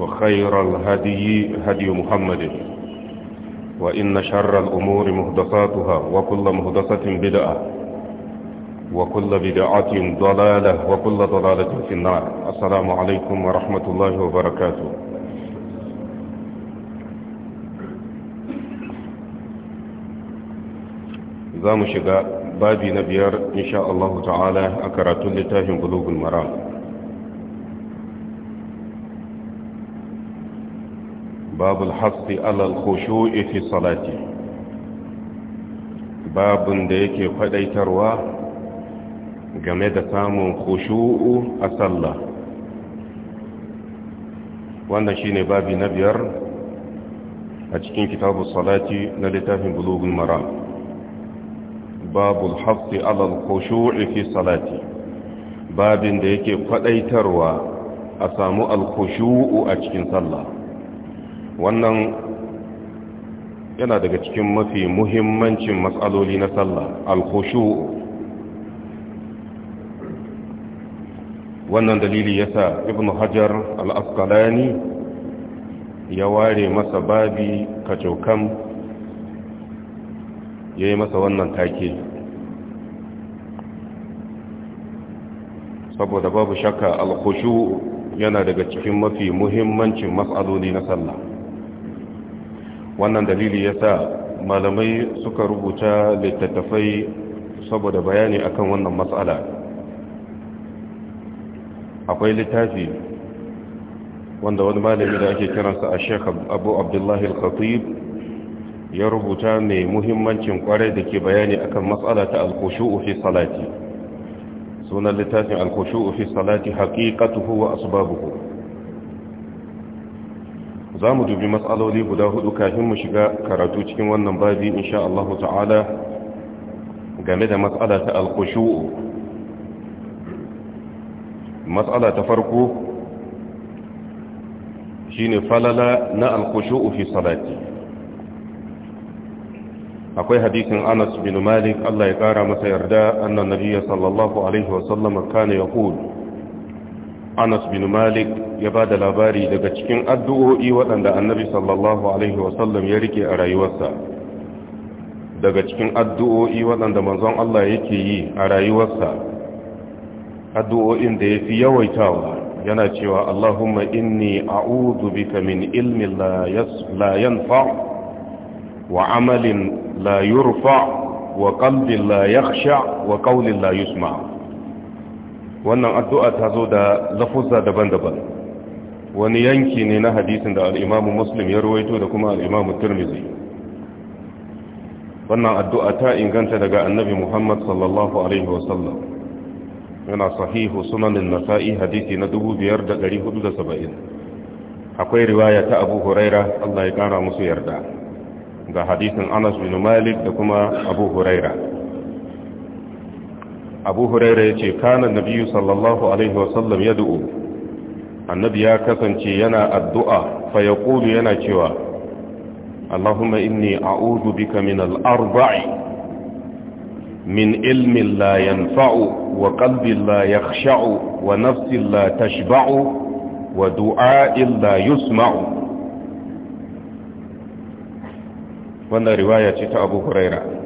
وخير الهدي هدي محمد وإن شر الأمور مهدساتها وكل مهدسة بدعة وكل بدعة ضلالة وكل ضلالة في النار السلام عليكم ورحمة الله وبركاته za mu shiga babi na biyar insha Allah ta'ala a karatun littafin bulugul maram babu alhassi alal khushu'i salati babun da yake fadaitarwa game da samun khushu'u a sallah wannan shine babi na biyar a cikin kitabu salati na littafin bulugul maram babu alhassi alal khushu'i salati babin da yake fadaitarwa a samu alkhushu'u a cikin sallah wannan yana daga cikin mafi muhimmancin matsaloli na sallah alkhushu wannan dalili yasa ibnu hajar al-asqalani ya ware masa babi kacokam ya yi masa wannan take saboda babu shakka alkhushu yana daga cikin mafi muhimmancin matsaloli na sallah wannan dalili ya sa malamai suka rubuta littattafai saboda bayani akan wannan matsala akwai littafi wanda wani malami da ake kiransa a shek abu abdullahi al-khatib ya rubuta mai muhimmancin kwarai da ke bayani akan matsala ta alkushu'u fi salati sunan littafin alkushu'u fi salati haqiqatuhu wa asbabuhu za mu dubi matsaloli guda hudu kafin mu shiga karatu cikin wannan babi insha Allah ta'ala game da matsala ta alkushu'u matsala ta farko shine falala na alkushu'u fi salati akwai hadisin Anas bin Malik Allah ya kara masa yarda annan nabiyyi sallallahu alaihi wasallam kana yaqulu anas bin malik ya ba da labari daga cikin addu'o'i waɗanda annabi sallallahu alaihi wasallam ya rike a rayuwarsa daga cikin addu'o'i waɗanda manzon Allah yake yi a rayuwarsa addu'o'in da ya fi yawaitawa yana cewa Allahumma inni a'udu bika min ilmin la yanfa wa amalin la yurfa wa qalbin la yakhsha wa qawlin la yusma' wannan addu'a ta zo da lafuzza daban-daban wani yanki ne na hadisin da al'imamu muslim ya ruwaito da kuma al'imamu turmizi wannan addu'a ta inganta daga annabi muhammad sallallahu alaihi wasallam yana sahihu sunanin nasa'i hadisi na 5,470 akwai riwaya ta abu huraira allah ya kara musu yarda ga hadisin anas bin malik da kuma abu huraira abu huraira ya ce kanan nabiyu sallallahu alaihi wasallam ya du'u annabi ya kasance yana addu'a fa ya yana cewa allahumma inni a'udu bika min al'arba'i min ilmin la yanfa'u wa qalbin la yakhsha'u wa nafsin la tashba'u wa du'a'in la yusma'u wanda riwaya ce ta abu huraira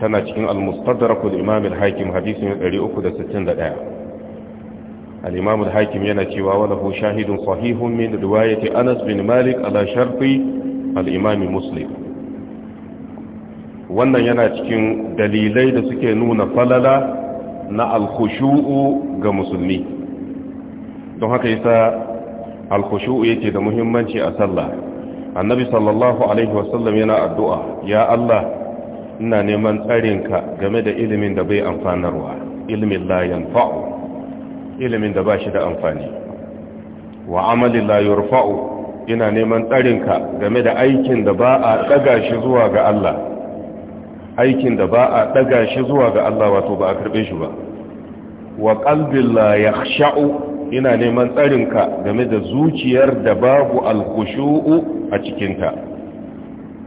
tana cikin al-mustadrak al-imam al-hakim hadisi 361 al-imam al-hakim yana cewa wala hu shahidun sahihun min riwayati Anas bin Malik ala sharfi al-imam Muslim wannan yana cikin dalilai da suke nuna falala na al-khushu'u ga musulmi don haka yasa al-khushu'u yake da muhimmanci a sallah annabi sallallahu alaihi wasallam yana addu'a ya Allah ina neman tsarinka game da ilimin da bai amfanarwa ilimin la yanfa'u ilimin da ba shi da amfani wa amalin la yurfa'u ina neman tsarinka game da aikin da ba a ɗaga shi zuwa ga Allah aikin da ba a ɗaga shi zuwa ga Allah wato ba a karbe shi ba wa ƙalbin la yakhsha'u ina neman tsarinka game da zuciyar da babu al a cikinta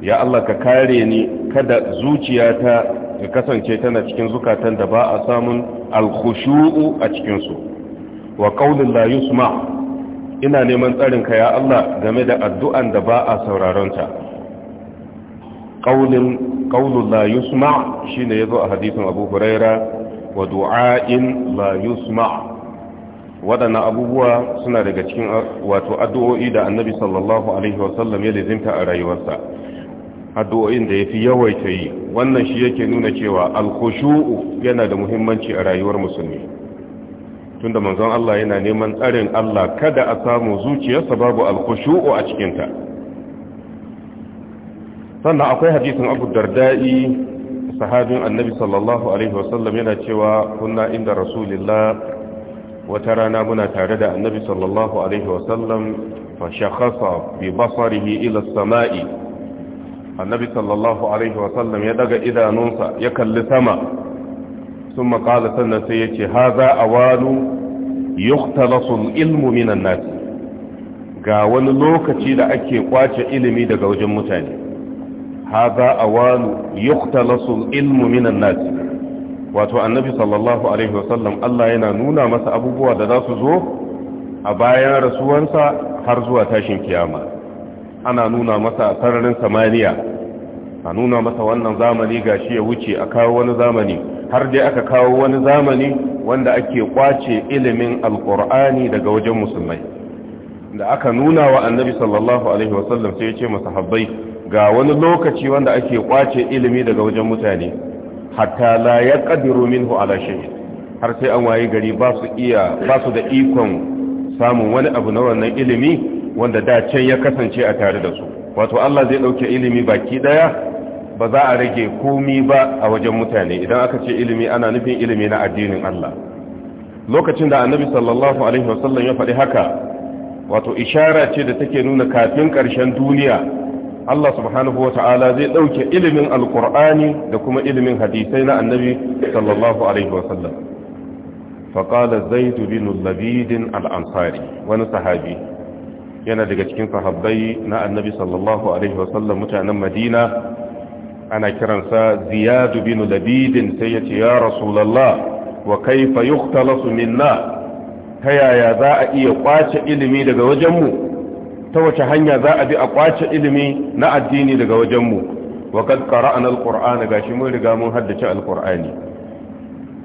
ya Allah ka kare ni kada zuciyata ya kasance tana cikin zukatan da ba a samun alkhushu'u a cikinsu wa qaulin la yusma ina neman tsarin ka ya Allah game da addu'an da ba a sauraron ta qaulin qaulul la yusma shine yazo a hadisin Abu Huraira wa du'a'in la yusma waɗannan abubuwa suna daga cikin wato addu'o'i da annabi sallallahu alaihi wasallam ya lizinta a rayuwarsa addu'o'in da yafi yawaita yi wannan shi yake nuna cewa alkushu'u yana da muhimmanci a rayuwar musulmi tunda manzon Allah yana neman tsarin Allah kada a samu zuciyarsa babu alkushu'u a cikinta. sannan akwai hadisin Abu Darda'i sahabin Annabi sallallahu alaihi wasallam yana cewa kunna inda Rasulillah wata rana muna tare da Annabi sallallahu alaihi wasallam fa shakhasa bi basarihi ila as-sama'i annabi sallallahu alaihi wasallam ya daga idanunsa ya kalli sama sun makala sannan sai ya ce ha za a wanu yuktalasun ilmu minan nasi ga wani lokaci da ake kwace ilimi daga wajen mutane ha za a wanu yuktalasun ilmu minan nasi wato annabi sallallahu alaihi wasallam Allah yana nuna masa abubuwa da za su zo a bayan rasuwansa har zuwa tashin kiyama ana nuna masa a sararin samaniya a nuna masa wannan zamani ga shi ya wuce a kawo wani zamani har dai aka kawo wani zamani wanda ake kwace ilimin alkur'ani daga wajen musulmai da aka nuna wa annabi sallallahu alaihi wasallam sai ya ce masahabbai ga wani lokaci wanda ake kwace ilimi daga wajen mutane hatta la ya kadiru minhu ala shay har sai an waye gari ba su iya ba su da ikon samun wani abu na wannan ilimi wanda da can ya kasance a tare da su wato Allah zai dauke ilimi baki daya ba za a rage komi ba a wajen mutane idan aka ce ilimi ana nufin ilimi na addinin Allah lokacin da annabi sallallahu alaihi wasallam ya faɗi haka wato ishara ce da take nuna kafin ƙarshen duniya Allah subhanahu wata'ala zai dauke ilimin alkur'ani da kuma ilimin hadisai na annabi sallallahu alaihi wasallam فقال زيد labidin al'ansari wani sahabi. yana daga cikin sahabbai na annabi sallallahu alaihi wasallam mutanen madina ana kiransa ziyadu bin labidin sai ya ce ya rasulallah wa kaifa yukhtalasu minna ta yaya za a iya kwace ilimi daga wajenmu ta wace hanya za a bi a kwace ilimi na addini daga wajenmu wa kad qara'na alqur'ana gashi mun riga mun haddace alqur'ani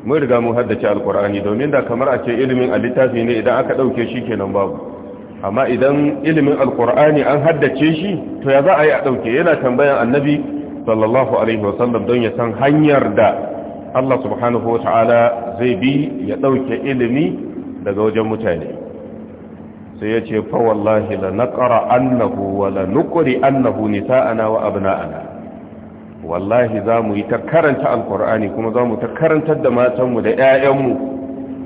mun riga mun haddace alqur'ani domin da kamar a ce ilimin a littafi ne idan aka dauke shi kenan babu amma idan ilimin alkur'ani an haddace shi to ya za a yi a ɗauke yana tambayan annabi sallallahu alaihi wasallam don ya san hanyar da Allah subhanahu wa ta'ala zai bi ya ɗauke ilimi daga wajen mutane sai ya ce fa wallahi la naqra annahu wa la nuqri annahu nisa'ana wa abna'ana wallahi za mu yi ta karanta alkur'ani kuma za mu ta karantar da matanmu da 'ya'yanmu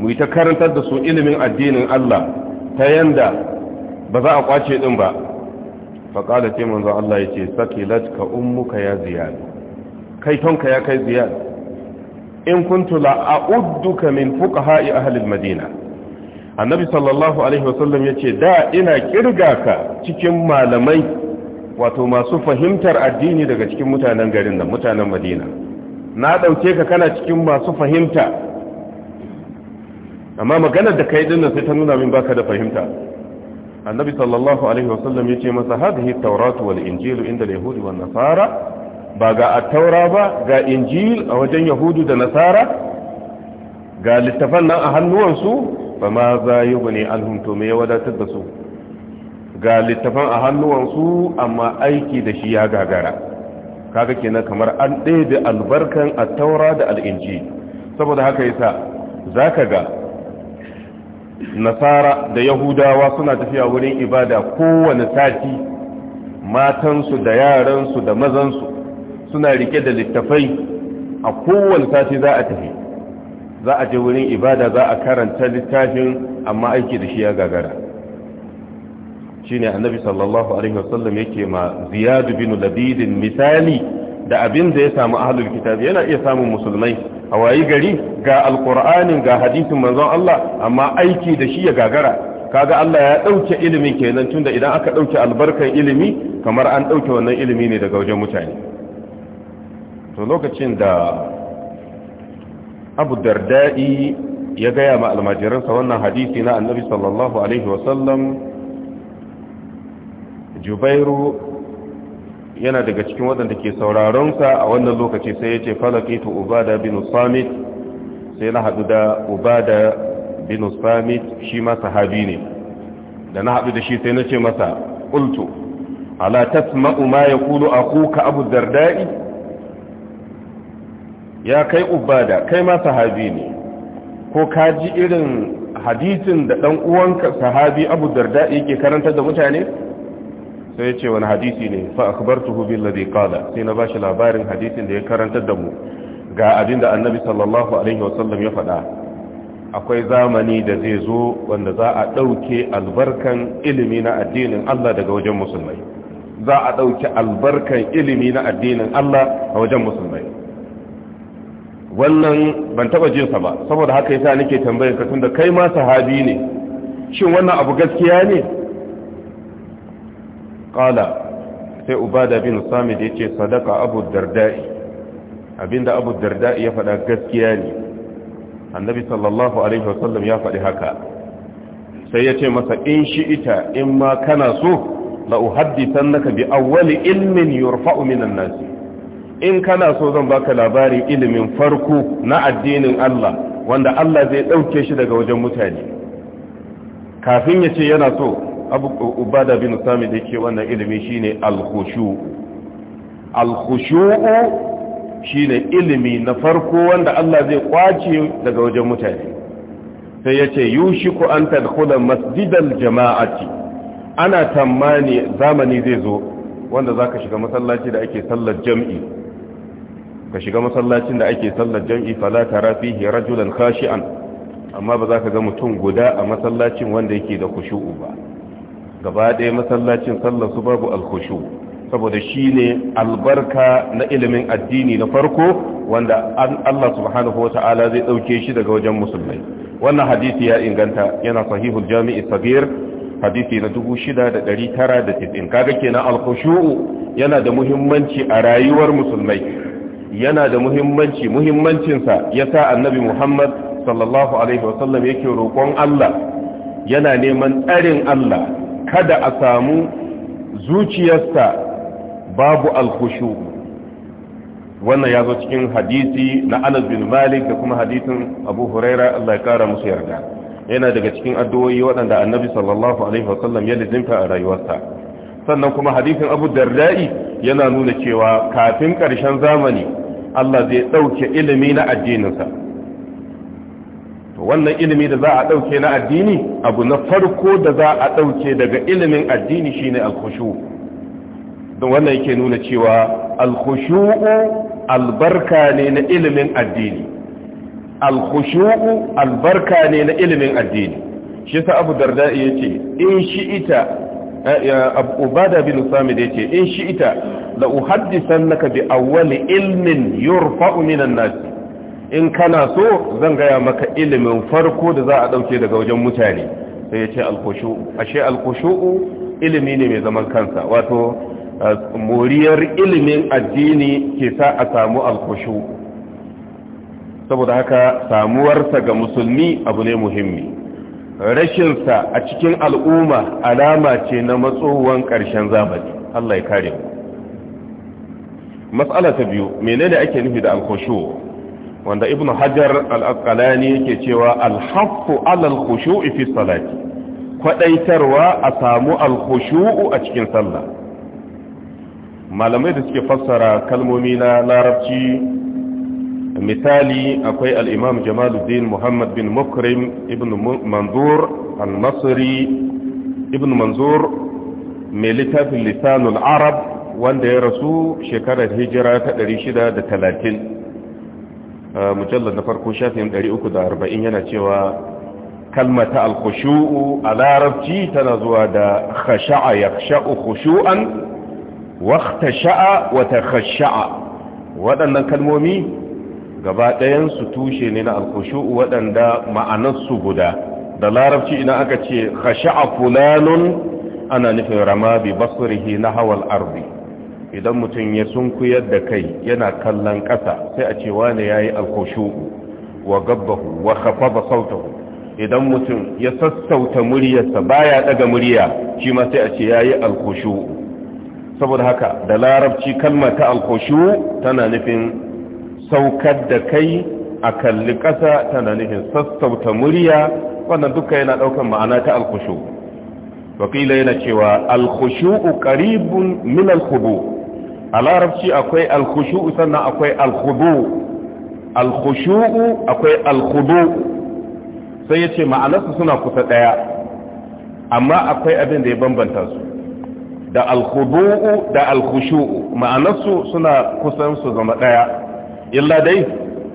mu yi ta karantar da su ilimin addinin Allah ta yanda ba za a kwace din ba faƙala ce manzo Allah ya ce sakilat ka ummuka ya ziyad kai tonka ya kai ziyad in kuntu la a'udduka min fuqaha'i ahli al-madina annabi sallallahu alaihi wasallam ya ce da ina kirga ka cikin malamai wato masu fahimtar addini daga cikin mutanen garin nan mutanen madina na ɗauke ka kana cikin masu fahimta amma maganar da kai dinnan sai ta nuna min baka da fahimta annabi sallallahu alaihi wasallam ya ce masa hadhihi tauratu wal injilu inda yahudi wa nasara ba ga taura ba ga injil a wajen yahudu da nasara ga littafan nan a hannuwansu ba ma za yi bane alhunto mai ya wadatar da su ga littafan a hannuwansu amma aiki da shi ya gagara kaga kenan kamar an ɗaya da albarkan taura da al'inji saboda haka yasa za ka ga nasara da yahudawa suna tafiya wurin ibada kowane sati matansu da yaransu da mazansu suna rike da littafai a kowane sati za a tafi za a je wurin ibada za a karanta littafin amma aiki da shi ya gagara ne annabi sallallahu alaihi wasallam yake ma ziyad bin Labidin? misali da abin da ya samu ahlul kitab yana iya samun musulmai a wayi gari ga alkur'anin ga hadisin manzon Allah amma aiki da shi ya gagara kaga Allah ya dauke ilimin kenan tunda idan aka dauke albarkan ilimi kamar an dauke wannan ilimi ne daga wajen mutane to lokacin da Abu Dardai ya gaya ma almajiransa wannan hadisi na Annabi sallallahu alaihi wasallam Jubairu yana daga cikin waɗanda ke sauraronsa a wannan lokaci sai ya ce to ubada bin samit sai na haɗu da ubada bin samit shi ma sahabi ne da na haɗu da shi sai na ce masa ƙultu ala tasma'u ma ya kulu a kuka abu dardai ya kai ubada kai ma sahabi ne ko ka ji irin hadisin da ɗan uwanka sahabi abu dardai ke karanta da mutane sai ya ce wani hadisi ne fa akhbartuhu bil qala sai na bashi labarin hadisin da ya karantar da mu ga abinda annabi sallallahu alaihi wasallam ya faɗa akwai zamani da zai zo wanda za a ɗauke albarkan ilimi na addinin Allah daga wajen musulmai za a dauke albarkan ilimi na addinin Allah a wajen musulmai wannan ban taɓa sa ba saboda haka yasa nake tambayar ka tunda kai ma sahabi ne shin wannan abu gaskiya ne qala sai ubada bin samid ce sadaka abu dardai abinda abu dardai ya faɗa gaskiya ne annabi sallallahu alaihi wasallam ya faɗi haka sai yace masa in shi ita in ma kana so la naka bi awwali ilmin yurfa'u minan nasi in kana so zan baka labarin ilimin farko na addinin Allah wanda Allah zai dauke shi daga wajen mutane kafin yace yana so abu ubada bin sami da ke wannan ilimi shine al-khushu al-khushu shine ilimi na farko wanda Allah zai kwace daga wajen mutane sai yace yushiku an tadkhula masjidal jama'ati ana tamani zamani zai zo wanda zaka shiga masallaci da ake sallar jam'i ka shiga masallacin da ake sallar jam'i fala tara fihi rajulan khashi'an amma ba za ka ga mutum guda a masallacin wanda yake da khushu'u ba gaba ɗaya masallacin sallar su babu alkushu saboda shi ne albarka na ilimin addini na farko wanda Allah subhanahu ta'ala zai ɗauke shi daga wajen musulmai wannan hadisi ya inganta yana sahihul jami'i sabir hadisi na 6,990 kaga kenan alkushu yana da muhimmanci a rayuwar musulmai yana da muhimmanci muhimmancinsa ya sa annabi muhammad sallallahu alaihi wasallam yake roƙon Allah yana neman tsarin Allah kada a samu zuciyarsa babu alkushu wannan ya zo cikin hadisi na anas bin malik da kuma hadisin abu huraira allah ya kara musu yarda yana daga cikin addu'o'i waɗanda annabi sallallahu alaihi wasallam ya lizinta a rayuwarsa sannan kuma hadisin abu darda'i yana nuna cewa kafin ƙarshen zamani allah zai ɗauke ilimi na addininsa wannan ilimi da za a ɗauke na addini abu na farko da za a ɗauke daga ilimin addini shine alkhushu don wannan yake nuna cewa alkhushu'u albarka ne na ilimin addini alkhushu'u albarka ne na ilimin addini shi sa Abu Darda yace in shi eh, Abu Ubada bin Samid yace in shi'ita la naka bi awwali ilmin yurfa'u minan nasi. in kana so zan gaya maka ilimin farko da za a ɗauke daga wajen mutane sai ya ce alkushu'u ashe alkushu'u ilimi ne mai zaman kansa wato uh, moriyar ilimin addini ke sa a samu alkushu'u saboda haka samuwarsa ga musulmi abu ne muhimmi rashinsa a cikin al'umma alama ce na matsowan ƙarshen zamani Allah ya kare mu matsala ta biyu menene ake nufi da alkushu'u wanda ibn hajar al-asqalani yake cewa al-haqqu 'ala al-khushu'i salati a samu alhushu a cikin sallah malamai da suke fassara kalmomi na larabci misali akwai alimam imam jamaluddin muhammad bin mukrim ibn manzur al-masri ibn manzur mai littafin lisanul arab wanda ya rasu shekarar hijira ta 630 Eh, mujallar na farko shafin 340 yana cewa kalmata al-khushu'u a larabci tana zuwa da khasha'a yaksha'u khushu'an wakhtasha'a wa takhasha'a waɗannan kalmomi gaba ɗayan su tushe ne na al-khushu'u waɗanda ma'anarsu guda da larabci ina aka ce khasha'a fulanun ana nufin rama bi basrihi na al-ardi idan mutum ya sunkuyar da kai yana kallon ƙasa sai a cewa ne ya yi alkoshu wa gabbahu wa khafaba sautahu idan mutum ya sassauta muryarsa baya daga murya shi ma sai a ce ya yi alkoshu saboda haka da larabci kalma ta alkoshu tana nufin saukar da kai a kalli ƙasa tana nufin sassauta murya wannan duka yana ɗaukar ma'ana ta alkoshu wakila yana cewa alkoshu ƙaribun min alkubu a larabci akwai alkhushu'u sannan akwai alkhudu alkhushu'u akwai alkhudu sai yace ma'anarsu suna kusa ɗaya, amma akwai abin da ya bambanta su da alkhudu'u da alkhushu'u ma'anarsu suna kusan su zama ɗaya illa dai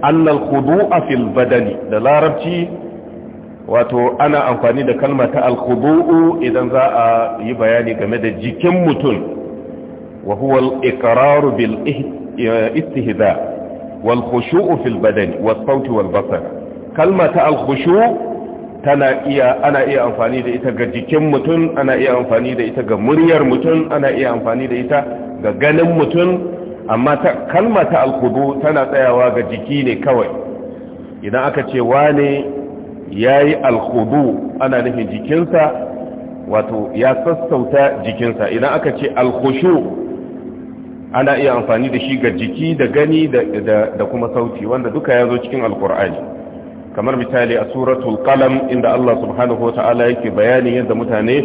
anna alkhudu'a fil badani da larabci wato ana amfani da kalma ta alkhudu'u idan za a yi bayani game da jikin mutum wa huwa al-iqraru bil istihza wal khushu'u fil badan was sawti wal basar ta al ana iya amfani da ita ga jikin mutum ana iya amfani da ita ga muryar mutum ana iya amfani da ita ga ganin mutum amma ta kalma ta al tana tsayawa ga jiki ne kawai idan aka ce wane yayi al ana nufin jikinsa wato ya sassauta jikinsa idan aka ce alkhushu ana iya amfani da shi ga jiki da gani da kuma sauti wanda duka ya zo cikin alkur'ani kamar misali a suratul qalam inda Allah subhanahu wata'ala yake bayanin yadda mutane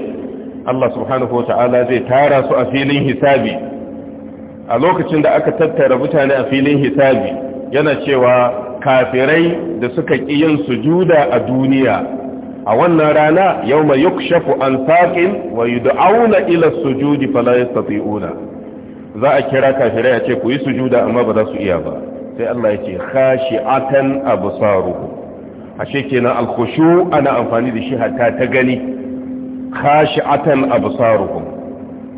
Allah subhanahu wata'ala zai tara su a filin hisabi a lokacin da aka tattara mutane a filin hisabi yana cewa kafirai da suka ƙi yin sujuda a duniya a wannan rana yau mai yukshafu an saqin wa auna ila sujudi fala yastati'una za a kira kafirai ya ce ku yi sujuda amma ba za su iya ba sai Allah ya ce khashi'atan absaruhum ashe kenan al ana amfani da shi hatta ta gani khashi'atan absaruhum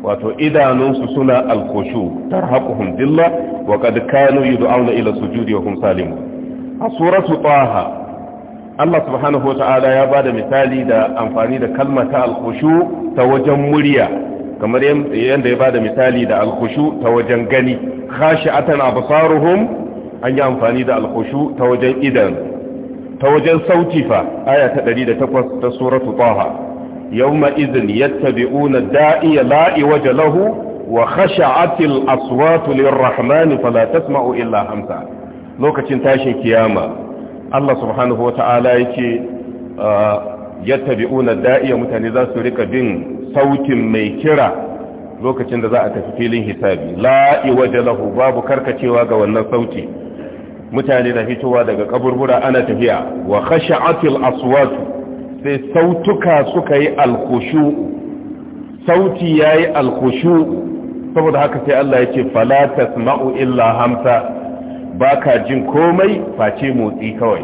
wato idanunsu suna al-khushu tarhaquhum dillah wa qad kanu yud'auna ila sujudi wa hum salimun a suratu taha Allah subhanahu wa ta'ala ya bada misali da amfani da kalmata ta khushu ta wajen murya kamar yadda ya bada misali da alkhushu ta wajen gani atana absaruhum an yi amfani da alkhushu ta wajen idan ta wajen sauti fa aya ta 108 ta suratu taha yawma idhin yattabi'una da'iya la'i waja lahu wa khashi'atil aswatu lirrahman fala tasma'u illa hamsa lokacin tashin kiyama Allah subhanahu wata'ala yake uh, yattabi'una da'iya mutane za su rika bin sautin mai kira lokacin da za a tafi filin hisabi la'i waje lahu babu karkacewa ga wannan sauti mutane na fitowa daga kaburbura ana tafiya wa khasha'atil aswatu sai sautuka suka yi alkhushu sauti yayi alkhushu saboda haka sai Allah yake fala tasma'u illa hamsa baka jin komai face motsi kawai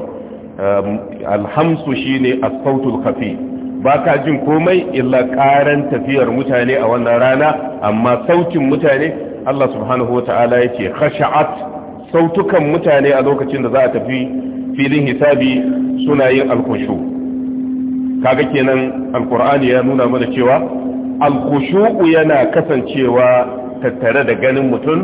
alhamsu shine as-sautul kafi. ba ka jin komai illa karan tafiyar mutane a wannan rana amma sautin mutane Allah subhanahu wa ta'ala ya ce khasha'at sautukan mutane a lokacin da za a tafi filin hisabi suna yin alkushu kaga kenan alkur'ani ya nuna mana cewa alkushu yana kasancewa tattare da ganin mutum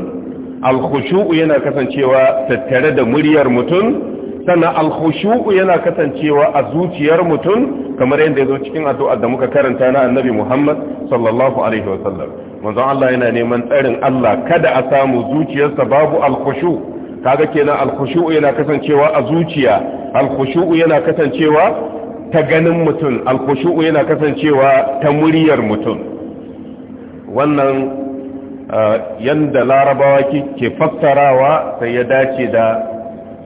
alkushu yana kasancewa tattare da muryar mutum sannan alkhushu'u yana kasancewa a zuciyar mutum kamar yadda ya zo cikin addu'ar da muka karanta na annabi Muhammad sallallahu alaihi wa sallam manzon Allah yana neman tsarin Allah kada a samu zuciyarsa babu alkhushu kaga kenan alkhushu'u yana kasancewa a zuciya alkhushu'u yana kasancewa ta ganin mutum alkhushu'u yana kasancewa ta muryar mutum wannan eh, yanda larabawa ke fassarawa sai ya dace da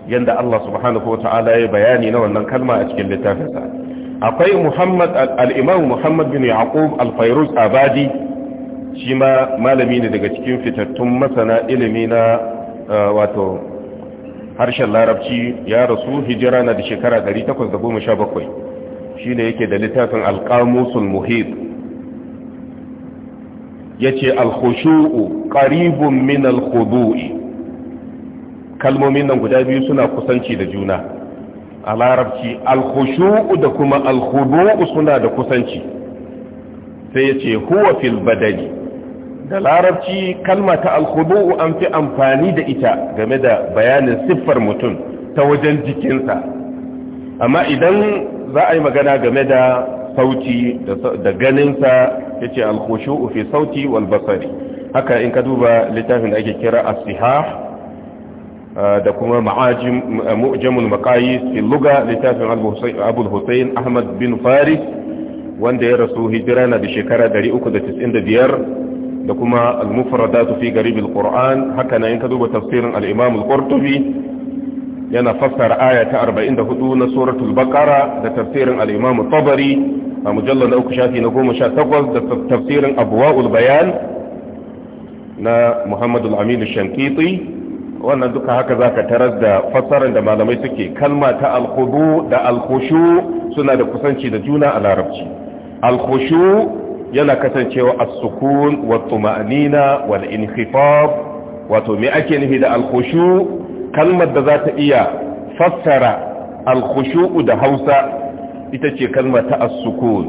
yanda Allah subhanahu wata'ala ya bayani na wannan kalma a cikin littafinsa akwai Muhammad al-Imam Muhammad bin Yaqub al Abadi shi ma malami ne daga cikin fitattun masana ilimi na uh, wato harshen larabci ya rasu hijira na da shekara 817 shi ne yake da littafin alƙamusul muhid ya ce karibu ƙaribun min kalmomin nan guda biyu suna kusanci da juna a larabci alkhushu'u da kuma alkhudu'u suna da kusanci sai ya ce huwa fil badani da larabci kalma ta alkhudu'u an fi amfani da ita game da bayanin siffar mutum ta wajen jikinsa amma idan za a yi magana game da sauti da ganinsa ya ce alkhushu'u fi sauti wal basari haka in ka duba littafin da ake kira as-sihah da kuma mu'jamul maqayis fil luga littafin abul husayn ahmad bin faris wanda ya rasu hijira na da shekara 395 da kuma al-mufradatu fi garib quran haka na ka duba tafsirin al-imam al-qurtubi yana fassara aya ta 44 na suratul baqara da tafsirin al-imam tabari a mujallal uku shafi na takwas da tafsirin abwaul ulbayan na muhammadul aminu amin shankiti wannan duka haka zaka tarar da fassarar da malamai suke kalma ta alkhudu da alkushu suna da kusanci da juna a larabci Al'hushu yana kasancewa as-sukun wa tuma'nina wal inkhifaf wato me ake nufi da alkushu kalmar da za ta iya fassara alkhushu da Hausa ita ce kalma ta sukun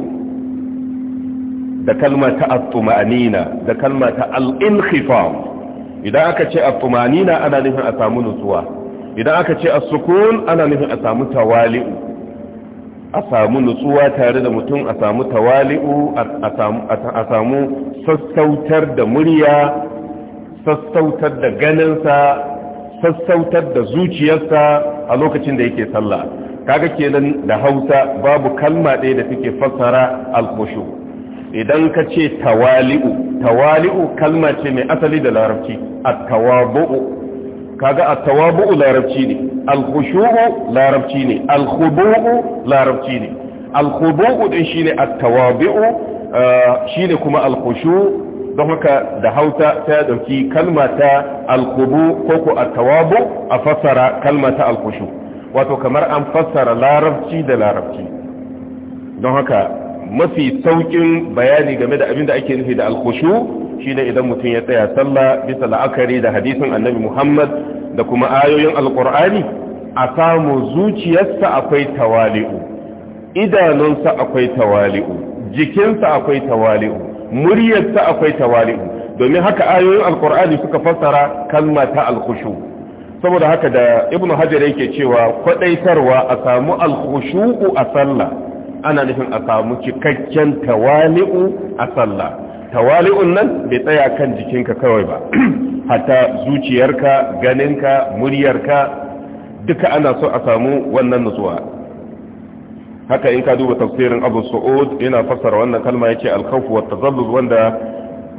da kalma ta at da kalma ta al-inkhifaf idan aka ce a tsumanina ana nufin a samu nutsuwa idan aka ce a sukun ana nufin a samu tawali'u a samu nutsuwa tare da mutum a samu tawali'u a samu sassautar da murya sassautar da ganinsa sassautar da zuciyarsa a lokacin da yake sallah kaga kenan da hausa babu kalma ɗaya da take fassara alkushu idan ka ce tawali'u tawali'u kalma ce mai asali da larabci a tawabuu kaga a tawabuu larabci ne al larabci ne alhubu'u larabci ne alkhubu'u khuduu din shine at-tawabu'u eh, shine kuma alkhushu don haka da hauta ta dauki kalmata ta ko ko attawabu a fassara kalma ta alkushu wato kamar an fassara larabci da larabci don haka mafi saukin bayani game da abin da ake nufi da alkhushu shine idan mutum ya tsaya sallah bisa la'akari da hadisin annabi Muhammad da kuma ayoyin alkur'ani a samu zuciyarsa akwai tawali'u idanunsa akwai tawali'u jikinsa akwai tawali'u muryarsa akwai tawali'u domin haka ayoyin alkur'ani suka fassara kalma ta alkushu' saboda haka da ibnu hajar yake cewa kwadaitarwa a samu alkhushu a sallah ana nufin a samu cikakken tawali'u a sallah tawali'un nan bai tsaya kan jikinka kawai ba hatta zuciyarka ganinka muryarka duka ana so a samu wannan nutsuwa haka in ka duba tafsirin abu su'ud yana fassara wannan kalma yace ce khawf wa tazallul wanda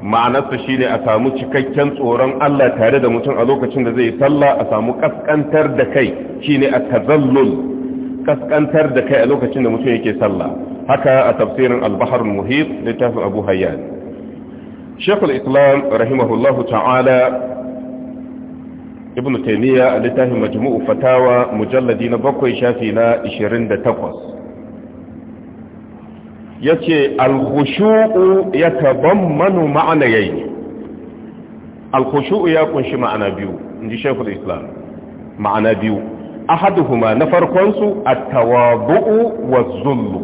ma'anarsa shine a samu cikakken tsoron Allah tare da mutum a lokacin da zai yi sallah a samu kaskantar da kai shine at-tazallul kaskantar da kai a lokacin da mutum yake sallah haka a tafsirin albahar bahr littafin abu hayyan shekul islam rahimahullahu ta'ala ibn taymiya a littafin majmu'u fatawa mujalladi na bakwai shafi na 28 yace al-khushu'u yatabammanu ma'anayayn al-khushu'u ya kunshi ma'ana biyu inji shekul islam ma'ana biyu ahaduhuma na farkonsu at-tawabu'u waz-zullu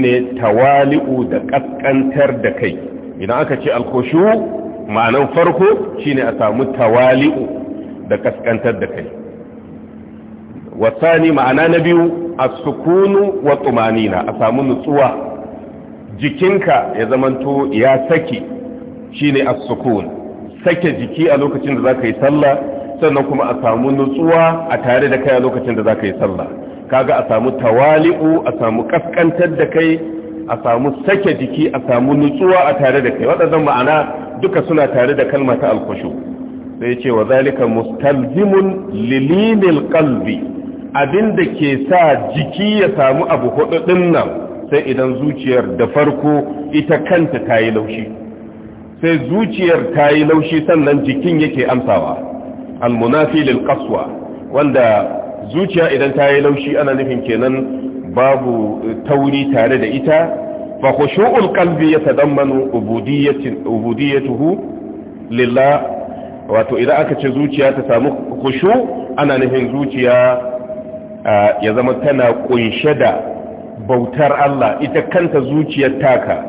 ne tawali'u da kaskantar da kai idan aka ce alkoshu ma'anan farko ne a samu tawali'u da kaskantar da kai wasani ma'ana na biyu a sukunu wa tumanina a samu nutsuwa jikinka ya zamanto ya saki ne a sukun sake jiki a lokacin da za ka yi sallah sannan kuma a samu nutsuwa a tare da kai a lokacin da za ka yi sallah kaga a samu tawali'u a samu kaskantar da kai a samu sake jiki a samu nutsuwa a tare da kai waɗannan ma'ana duka suna tare da kalma ta alkushu sai ce wa zalika mustalzimun lilinil qalbi abinda ke sa jiki ya samu abu hudu din nan sai idan zuciyar da farko ita kanta ta yi laushi sai zuciyar ta yi laushi sannan jikin yake amsawa almunafi lil qaswa wanda zuciya idan ta yi laushi ana nufin kenan babu tauri tare da ita fa khushu'ul qalbi yatadammanu ubudiyyatin ubudiyyatuhu lillah wato idan aka ce zuciya ta samu khushu ana nufin zuciya ya zama tana kunshe da bautar Allah ita kanta zuciyar taka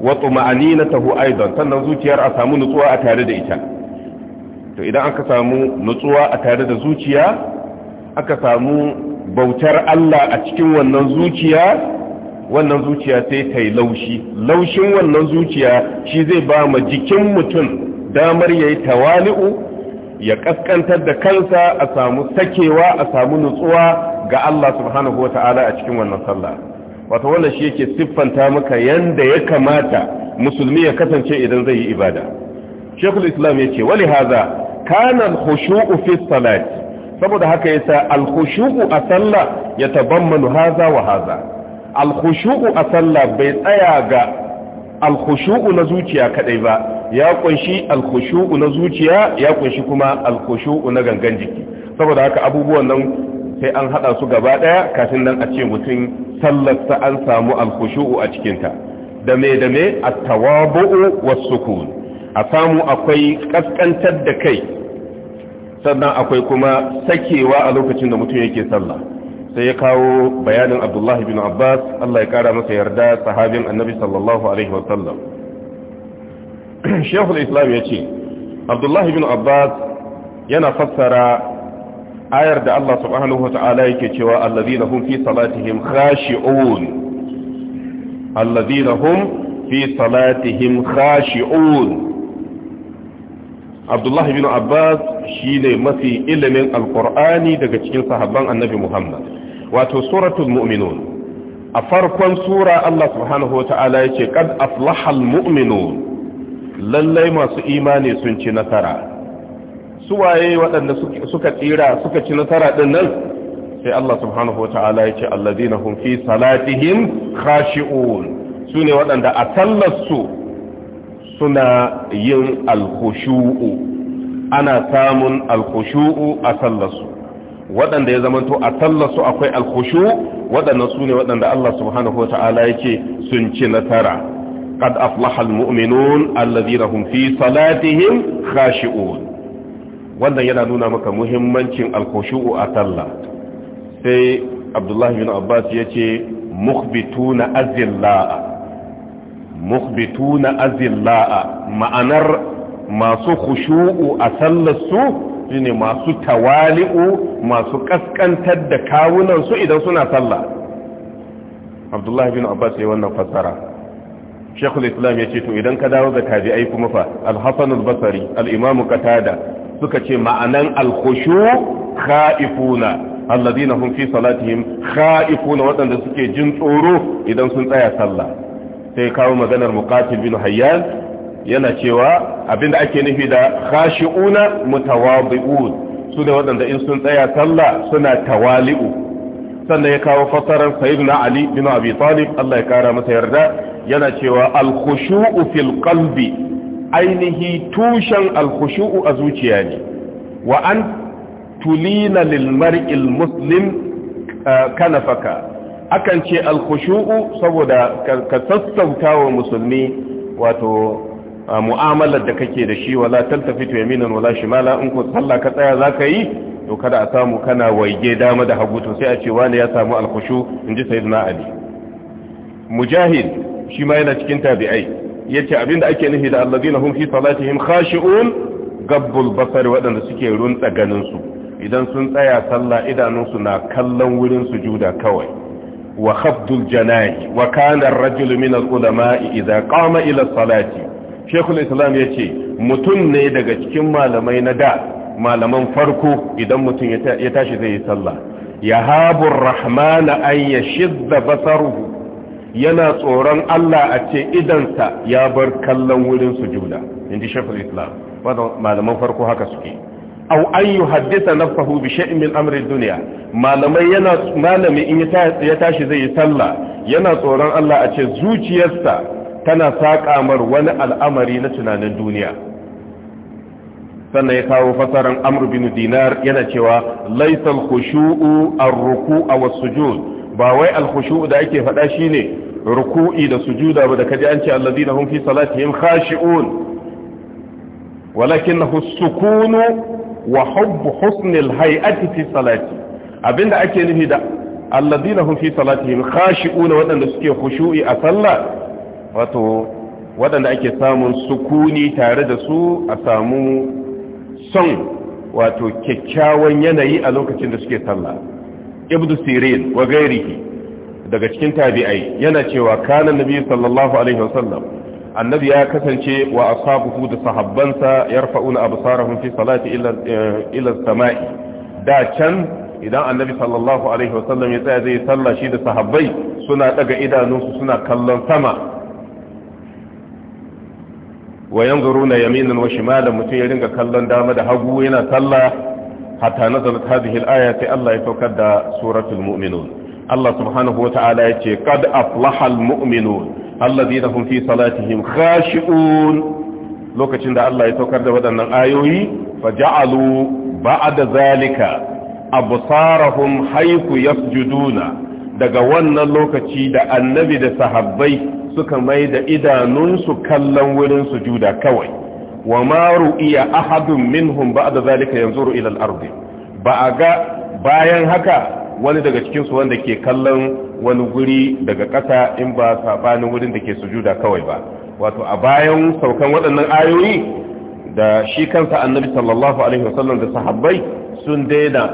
wa tumaninatahu aidan sannan zuciyar a samu nutsuwa a tare da ita to idan aka samu nutsuwa a tare da zuciya aka samu bautar Allah a cikin wannan zuciya wannan zuciya sai ta yi laushi laushin wannan zuciya shi zai ba ma jikin mutum damar ya yi tawali'u ya kaskantar da kansa a samu sakewa a samu nutsuwa ga Allah subhanahu wa a cikin wannan sallah Wata wannan shi yake siffanta maka yanda ya kamata musulmi ya kasance idan zai yi ibada shekul islam ya ce wali haza kana khushuu fi salat saboda haka yasa al-khushu'u a sallah ya tabammanu haza wa haza al-khushu'u a sallah bai tsaya ga al na zuciya kadai ba ya kunshi al na zuciya ya kunshi kuma al na gangan jiki saboda haka abubuwan nan sai an hada su gaba daya kafin nan a ce mutum sa an samu al a cikin ta da me da me at-tawabu was-sukun a samu akwai kaskantar da kai sannan akwai kuma sakewa a lokacin da mutum yake sallah sai ya kawo bayanin abdullah ibn abbas allah ya kara masa yarda sahabin annabi sallallahu alaihi wasallam shekul islam ya ce abdullah ibn abbas yana fassara ayar da allah subhanahu wa ta'ala yake cewa allazina hum fi salatihim khashi'un الذين abdullah bin abbas shine mafi ilimin alkur'ani daga cikin sahabban annabi muhammad wato suratul mu'minun a farkon sura allah subhanahu wa ta'ala ya ce kad aflahal mu'minun lallai masu imani sun ci nasara suwaye waɗanda suka tsira suka ci nasara ɗin nan sai allah subhanahu wa ta'ala ya ce allazina hum fi salatihim khashi'un su ne waɗanda a sallarsu suna yin alkushu'u ana samun alkushu'u a sallarsu waɗanda ya zamanto a sallarsu akwai alkushu'u waɗanda su ne waɗanda Allah subhanahu wa ta'ala ya ce sun ci nasara qad aflaha almu'minun alladhina hum fi salatihim khashi'un wannan yana nuna maka muhimmancin alkushu'u a sallah sai abdullahi bin Abbas yace mukhbituna azilla'a mukhbituna azilla'a ma'anar masu khushu'u a sallar su shine masu tawali'u masu kaskantar da kawunan su idan suna sallah Abdullah bin Abbas yayin wannan fassara Sheikhul Islam ya ce to idan ka dawo ga tabi'ai kuma fa Al-Hasan al-Basri al suka ce ma'anan al-khushu' khaifuna alladina hum fi salatihim kha'ifuna wadanda suke jin tsoro idan sun tsaya sallah sai kawo maganar muqatil bin hayyan yana cewa abinda ake nufi da khashi'una mutawadi'un su da waɗanda in sun tsaya sallah suna tawali'u sannan ya kawo fasarar sayyidina ali bin abi talib Allah ya kara masa yarda yana cewa al-khushu'u fil qalbi ainihi tushen al-khushu'u a zuciya ne wa an tulina lil mar'il muslim eh, kanafaka akan ce alkushu'u saboda ka sassauta wa musulmi wato mu'amalar da kake da shi wala taltafitu yaminan wala shimala in ko sallah ka tsaya zaka yi to kada a samu kana waige dama da hagu to sai a ce wani ya samu alkushu inji sayyidina ali mujahid shi ma yana cikin tabi'ai yace abinda ake nufi da alladina hum fi salatihim khashi'un gabbul basar wadanda suke runtsa ganin su idan sun tsaya sallah idanunsu na kallon wurin sujuda kawai wa khafdul janahi wa kana ar-rajul min al-ulama'i idza qama salati shekul islam yace mutum ne daga cikin malamai na da malaman farko idan mutum ya tashi zai yi sallah yahabu ar-rahman an yashidda basaruhu yana tsoron Allah a ce idansa ya bar kallon wurin sujuda inji shekul islam wannan malaman farko haka suke au an yi haddisa nafsahu bi shay'in min amri duniya malamai yana malami in ya tashi zai yi sallah yana tsoron Allah a ce zuciyarsa tana saƙamar wani al'amari na tunanin duniya sannan ya kawo fasaran amr bin dinar yana cewa laisal khushu'u ar-ruku'a was-sujud ba wai al-khushu'u da ake faɗa shine ruku'i da sujuda ba da kaji an ce alladina hum fi salatihim khashi'un walakin sukunu wa hubbu husnil hay'ati fi salati abinda ake nufi da alladina hum fi salatihim khashi'una wadanda suke khushu'i a sallah wato wadanda ake samun sukuni tare da su a samu son wato kyakkyawan yanayi a lokacin da suke sallah ibnu sirin wa daga cikin tabi'ai yana cewa kana nabi sallallahu alaihi wasallam annabi ya kasance wa ashabuhu da sahabbansa yarfa'una absarahum fi salati ila eh, ila samai da can idan annabi sallallahu alaihi wasallam ya tsaya zai sallah shi da sahabbai suna daga idanunsu suna kallon sama wa yanzuruna yaminan wa shimalan mutum ya ringa kallon dama da hagu yana sallah hatta nazalat hadhihi al-aya sai Allah ya saukar da suratul mu'minun Allah subhanahu wa ta'ala ya ce kad aflahal mu'minun allazina hum fi salatihim khashi'un lokacin da Allah ya saukar da waɗannan ayoyi faja'alu ba'da zalika absarahum haythu yasjuduna daga wannan lokaci da annabi da sahabbai suka mai da idanunsu kallon wurin sujuda kawai wa ma ru'iya ahadun minhum ba'da zalika yanzuru ila al-ardi ba a ga bayan haka wani daga cikinsu wanda ke kallon wani guri daga ƙasa in ba saɓanin wurin da ke sujuda kawai ba wato a bayan saukan waɗannan ayoyi da shi kansa annabi sallallahu alaihi wasallam da sahabbai sun daina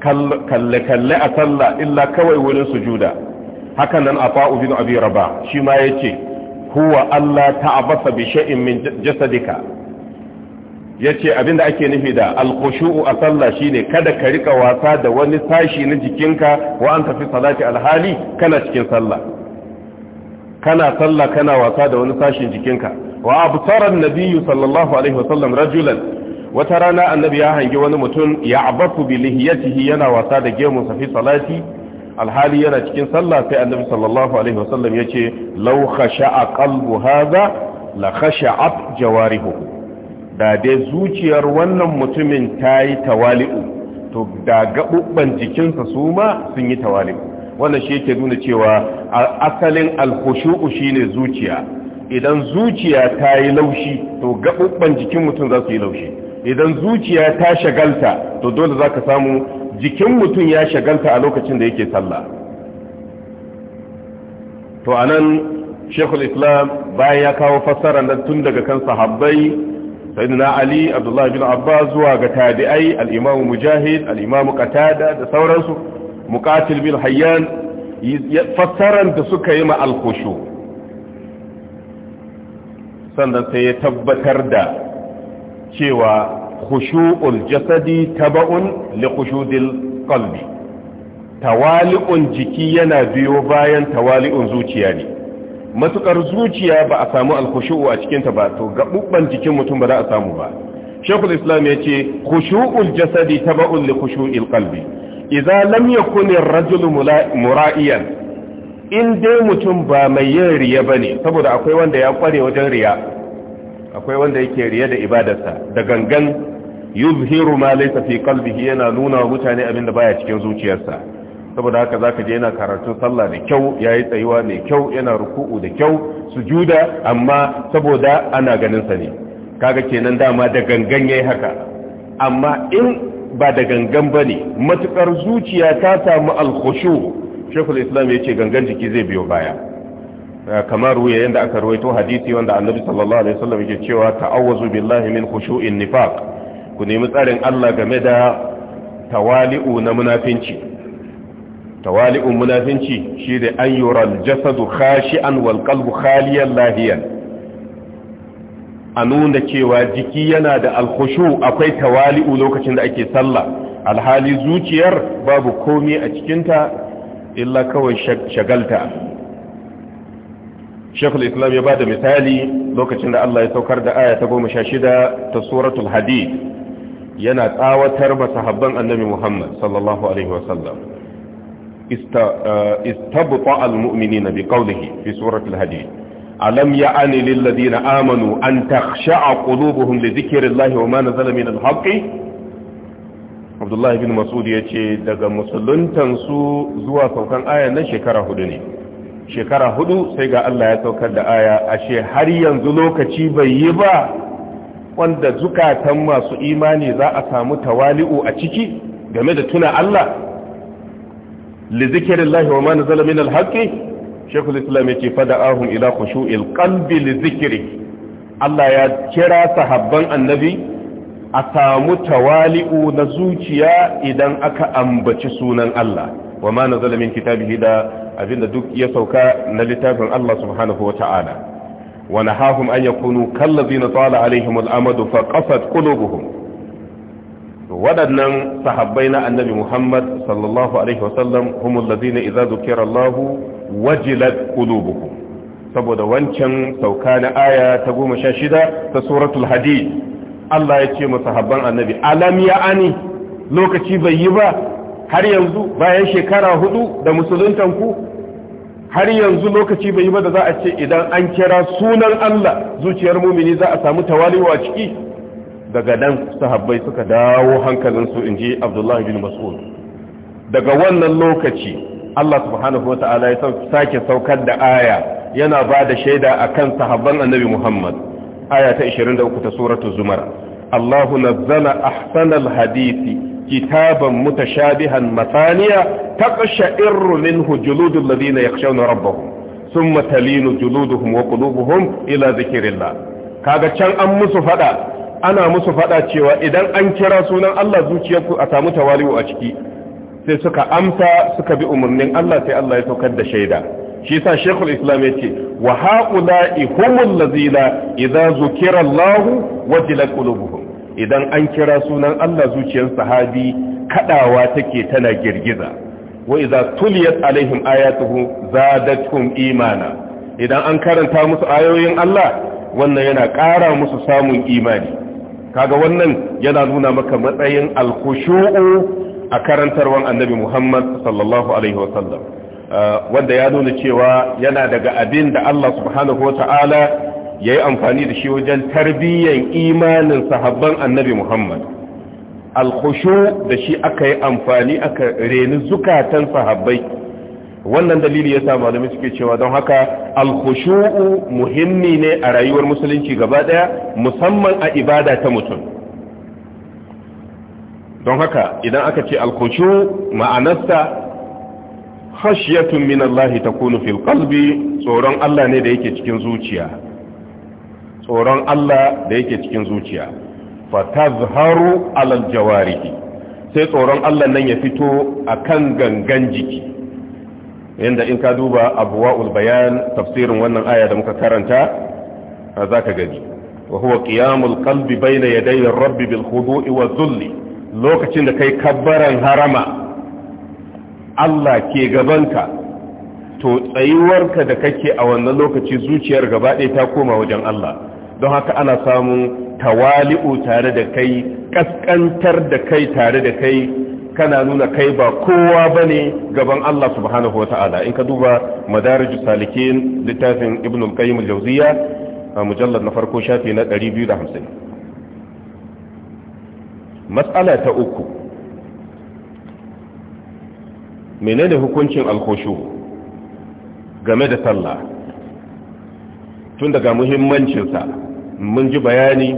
kalle-kalle a sallah illa kawai wurin sujuda hakan nan afa'u bin abi raba shi ma yace huwa Allah ta'abasa bi shay'in min jasadika yace abinda ake nufi da alkhushu'u a sallah shine kada ka rika wasa da wani sashi na jikinka wa an tafi salati alhali kana cikin sallah kana sallah kana wasa da wani sashin jikinka wa abu absaran nabiyyu sallallahu alaihi wasallam rajulan wata rana annabi ya hangi wani mutum ya abafu bi lihiyatihi yana wasa da gemun sa fi salati alhali yana cikin sallah sai annabi sallallahu alaihi wasallam yace law khasha'a qalbu hadha la khasha'at jawarihu da dai zuciyar wannan mutumin ta yi tawali'u to da gaɓuɓɓen jikinsa su ma sun yi tawali'u wannan shi yake nuna cewa asalin alkushu'u shi ne zuciya idan zuciya ta yi laushi to gaɓuɓɓen jikin mutum za su yi laushi idan zuciya ta shagalta to dole za ka samu jikin mutum ya shagalta a lokacin da yake sallah to anan shekul islam bayan ya kawo fassara nan tun daga kan sahabbai sayyidina ali abdullahi bin abbas zuwa ga tabi'ai al mujahid al-imam qatada da sauransu muqatil bin hayyan fassaran da suka yi ma al sannan sai ya tabbatar da cewa khushu'ul jasadi taba'un li khushu'il qalbi tawali'un jiki yana biyo bayan tawali'un zuciya ne matukar zuciya ba a samu alkushu'u a cikinta ba to gabubban jikin mutum ba za a samu ba shekul islam ya ce kushu'ul jasadi taba'un li khushu'il qalbi idza lam yakun ar-rajul mura'iyan in dai mutum ba mai yin riya bane saboda akwai wanda ya kware wajen riya akwai wanda yake riya da ibadarsa da gangan yuzhiru ma laysa fi qalbihi yana nuna wa mutane abin da baya cikin zuciyarsa saboda haka zaka je yana karatun sallah da kyau yayi tsayuwa ne kyau yana ruku'u da kyau sujuda amma saboda ana ganin sa ne kaga kenan dama da gangan yayi haka amma in ba da gangan bane matukar zuciya ta samu al-khushu shekul islam yace gangan jiki zai biyo baya kamar ruwaya yanda aka ruwaito hadisi wanda annabi sallallahu alaihi wasallam yake cewa ta'awwazu billahi min khushu'in nifaq ku nemi tsarin Allah game da tawali'u na munafinci tawali'un munafinci shi da an yural jasadu khashi'an wal qalbu khaliyan lahiyan a nuna cewa jiki yana da alkushu akwai tawali'u lokacin da ake sallah alhali zuciyar babu komai a cikinta illa kawai shagalta shekul islam ya da misali lokacin da Allah ya saukar da aya ta goma sha shida ta suratul hadid yana tsawatar masahabban annabi muhammad sallallahu alaihi wasallam Eh, istabta al-mu'minina bi qawlihi fi suratul hadid alam ya'ani lil ladina amanu an takhsha'a qulubuhum li zikirinlahi wa ma nazala min al-haqq Abdullah ibn Mas'ud yace daga musuluntansu zuwa saukan aya na shekara hudu ne shekara huɗu sai ga Allah ya saukar da aya ashe har yanzu lokaci bai yi ba wanda zukatan masu imani za a samu tawali'u a ciki game da tuna Allah li zikrillahi wa ma nazala min al-haqqi shaykhul islam yace fada'ahum ila khushu'il qalbi li zikri Allah ya kira sahabban annabi a samu tawali'u na zuciya idan aka ambaci sunan Allah wa ma nazala min kitabihi abinda duk ya sauka na littafin Allah subhanahu wa ta'ala wa nahahum an yakunu kallazina tala alaihim al-amadu fa qasat qulubuhum waɗannan sahabbai na annabi muhammad sallallahu alaihi wasallam humul ladina idza dhukira allah wajilat qulubuhum saboda wancan sauka na aya ta goma sha shida ta suratul hadid Allah ya ce mu sahabban annabi alam ya ani lokaci bai yi ba har yanzu bayan shekara hudu da musuluntan ku har yanzu lokaci bai yi ba da za a ce idan an kira sunan Allah zuciyar mumini za a samu wa ciki daga nan sahabbai suka dawo hankalinsu in ji abdullahi bin mas'ud daga wannan lokaci Allah subhanahu wata'ala ya sake saukar da aya yana ba da shaida akan sahabban annabi Muhammad aya ta 23 ta suratul zumar Allahu nazzala ahsanal hadisi kitaban mutashabihan mataniya taqsha'irru minhu juludul ladina yakhshawna rabbahum summa talinu juluduhum wa qulubuhum ila dhikrillah kaga can an musu fada ana musu faɗa cewa idan an kira sunan Allah zuciyarku a samu tawali'u a ciki sai suka amsa suka bi umarnin Allah sai Allah ya saukar da shaida shi yasa Sheikhul Islam ce, wa haula'i humul ladzina idan zukira Allah wajilat qulubuhum idan an kira sunan Allah zuciyar sahabi kaɗawa take tana girgiza wa idza tuliyat alaihim ayatuhu zadatuhum imana idan an karanta musu ayoyin Allah wannan yana ƙara musu samun imani kaga wannan yana nuna maka matsayin alkushu'u a karantarwan annabi Muhammad sallallahu alaihi wasallam uh, wanda ya nuna cewa yana daga abin da Allah subhanahu wata'ala ya yi amfani da shi wajen tarbiyyan imanin sahabban annabi Muhammad alkushu da shi aka yi amfani aka reni zukatan sahabbai wannan dalili ya sa malami suke cewa don haka alkushu'u muhimmi ne a rayuwar musulunci gaba daya musamman a ibada ta mutum don haka idan aka ce alkushu'u ma'anarsa khashyatun min Allah kunu fil qalbi tsoron Allah ne da yake cikin zuciya tsoron Allah da yake cikin zuciya fa tazharu alal jawarihi sai tsoron Allah nan ya fito akan gangan jiki yanda in ka duba abuwa'ul bayan tafsirin wannan aya da muka karanta za ka gani wa huwa qiyamul qalbi bayna yaday rabbi bil khudu'i wa dhulli lokacin da kai kabbaran harama Allah ke gabanka to tsayuwarka da kake a wannan lokaci zuciyar gaba ɗaya ta koma wajen Allah don haka ana samun tawali'u tare da kai kaskantar da kai tare da kai kana nuna kai ba kowa ba ne gaban Allah subhanahu wata'ala in ka duba madarij salikin littafin ibn al-qayyim al a mujallar na farko shafi na 250 Matsala ta uku menene hukuncin alkoshu game da sallah tun daga muhimmancinsa mun ji bayani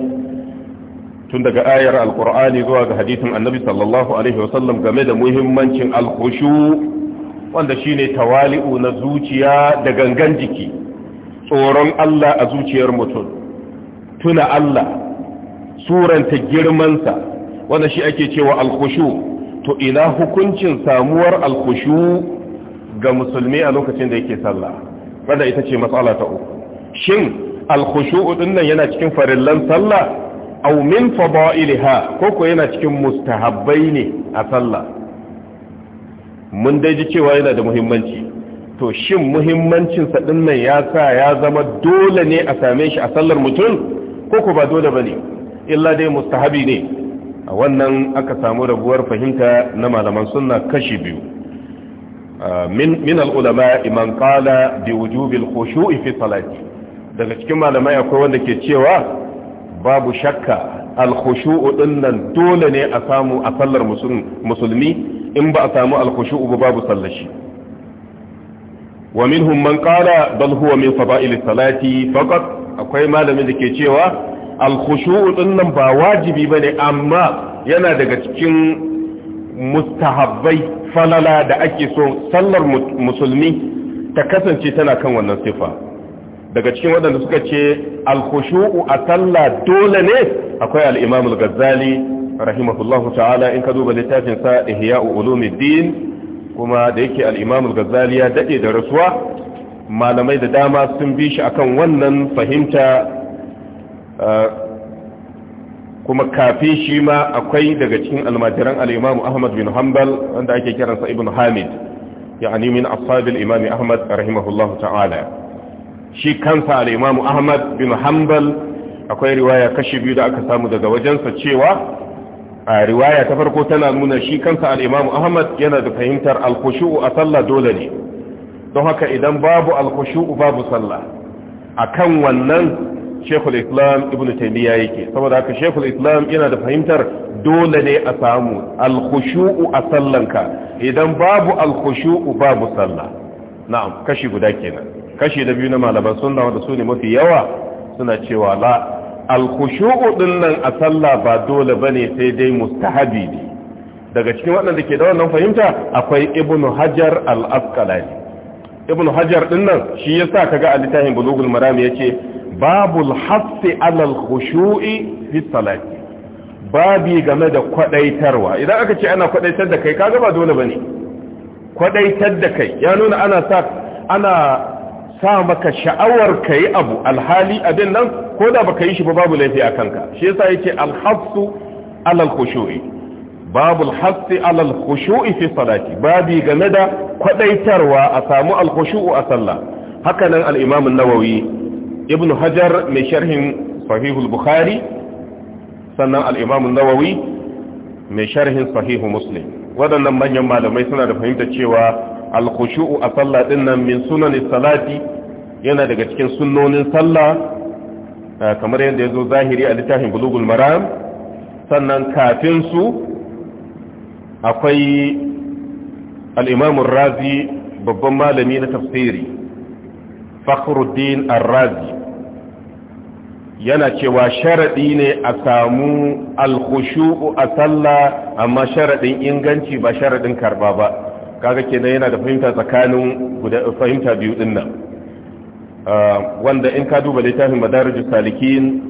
tun daga ayar alkur'ani zuwa ga hadisin annabi sallallahu alaihi wasallam game da muhimmancin alkhushu wanda shine tawali'u na zuciya da gangan jiki tsoron Allah a zuciyar mutum tuna Allah suranta girmansa wanda shi ake cewa alkhushu to ina hukuncin samuwar alkhushu ga musulmi a lokacin da yake sallah wanda ita ce matsala ta uku shin alkhushu din nan yana cikin farillan sallah aw min fada'ilha koko yana cikin mustahabbai ne a sallah mun dai ji cewa yana da muhimmanci to shin muhimmancinsa ɗin dinnan ya sa ya zama dole ne a same shi a sallar mutum koko ba dole bane illa dai mustahabi ne a wannan aka samu rabuwar fahimta na malaman sunna kashi biyu min al-ulama man qala bi wujubi al-khushu'i salati daga cikin malamai akwai wanda ke cewa babu shakka alkhushu'u din dole ne a samu a sallar musulmi in ba a samu alkhushu'u ba babu sallar shi wa minhum man qala bal huwa min fada'il salati faqat akwai malamin da ke cewa alkhushu'u din ba wajibi bane amma yana daga cikin mustahabbai falala da ake so sallar musulmi ta kasance tana kan wannan sifa daga cikin waɗanda suka ce alkushu'u a sallah dole ne akwai al-imam al rahimahullahu ta'ala in ka duba littafin sa ihya'u kuma da yake al-imam al ya dade da rasuwa malamai da dama sun bi shi akan wannan fahimta uh, kuma kafin shi ma akwai daga cikin almajiran al ahmad bin hanbal wanda ake kiransa ibn hamid ya'ani min ashabil imam ahmad rahimahullahu ta'ala shi kansa al-imam ahmad bin hanbal akwai riwaya kashi biyu da aka samu daga wajensa cewa a riwaya ta farko tana nuna shi kansa al ahmad yana da fahimtar al a sallah dole ne don haka idan babu al babu sallah kan wannan shekul islam ibn taymiya yake saboda haka shekul islam yana da fahimtar dole ne a samu alkhushu'u a sallanka idan babu alkhushu'u babu sallah na'am kashi guda kenan kashi da biyu na malaman sunna wanda su ne mafi yawa suna cewa la alkushu'u din nan a sallah ba dole bane sai dai mustahabi ne daga cikin waɗanda ke da wannan fahimta akwai ibnu hajar al-asqalani ibnu hajar din nan shi yasa kaga a littafin bulugul maram yace babul hafsi alal khushu'i fi salati babi game da kwadaitarwa idan aka ce ana kwadaitar da kai kaga ba dole bane kwadaitar da kai ya nuna ana sa ana sa maka sha'awar ka yi abu alhali abin nan ko da baka yi shi ba babu laifi a kanka shi yasa yake alhassu alal khushu'i babu alhassu alal khushu'i fi salati babi game da kwadaitarwa a samu alkhushu'u a sallah haka nan al-imam an-nawawi ibnu hajar mai sharhin sahihul bukhari sannan al-imam an-nawawi mai sharhin sahihu muslim waɗannan manyan malamai suna da fahimtar cewa Alkushuu a sallah din nan min sunan salati yana daga cikin sunnonin sallah eh, kamar yadda ya zo zahiri a littafin bulugul maram sannan kafin su akwai alimamun razi babban malami na tafsiri fakhruddin ar-razi yana cewa sharaɗi ne a samu alkushu'u a sallah amma sharaɗin inganci ba sharaɗin karba ba kaga kenan yana da fahimta tsakanin fahimta biyu din nan ah, wanda in ka duba littafin madarijus salikin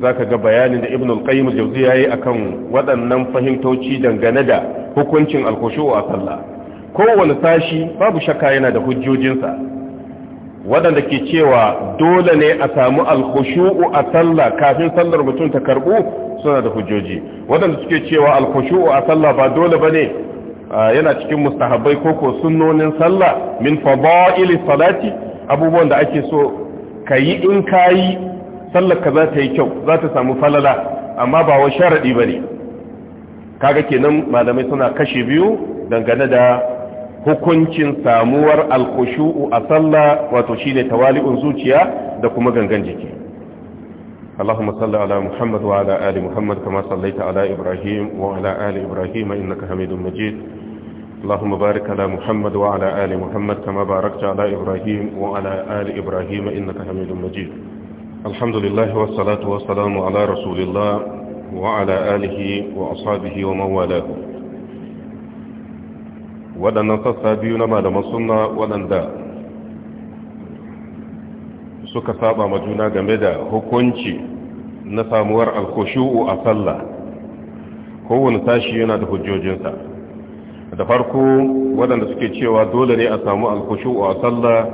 zaka ga bayanin da ibn al-qayyim al-jawzi yayi akan waɗannan fahimtoci dangane da hukuncin al-khushu' a sallah kowane sashi babu shakka yana da hujjojinsa waɗanda ke cewa dole ne a samu alkhushu'u a sallah kafin sallar mutum ta karɓu suna da hujjoji waɗanda suke cewa alkhushu'u a sallah ba dole bane Ah, yana cikin mustahabbai koko sunnonin sallah min fada'ili salati abubuwan da ake so kayi in kayi sallar ka za ta yi kyau za ta samu falala amma ba wa sharadi bane kaga kenan malamai suna kashe biyu dangane da hukuncin samuwar alkhushu'u a sallah wato shine tawali'un zuciya da kuma gangan jiki اللهم صل على محمد وعلى آل محمد كما صليت على إبراهيم وعلى آل إبراهيم إنك حميد مجيد اللهم بارك على محمد وعلى آل محمد كما باركت على إبراهيم وعلى آل إبراهيم إنك حميد مجيد الحمد لله والصلاة والسلام على رسول الله وعلى آله وأصحابه ومن والاه waɗannan sassa biyu na malaman suna waɗanda suka saba ma juna game da hukunci na samuwar alkoshu'u a sallah kowane sashi yana da hujjojinsa da farko waɗanda suke cewa dole ne a samu alkushu a sallah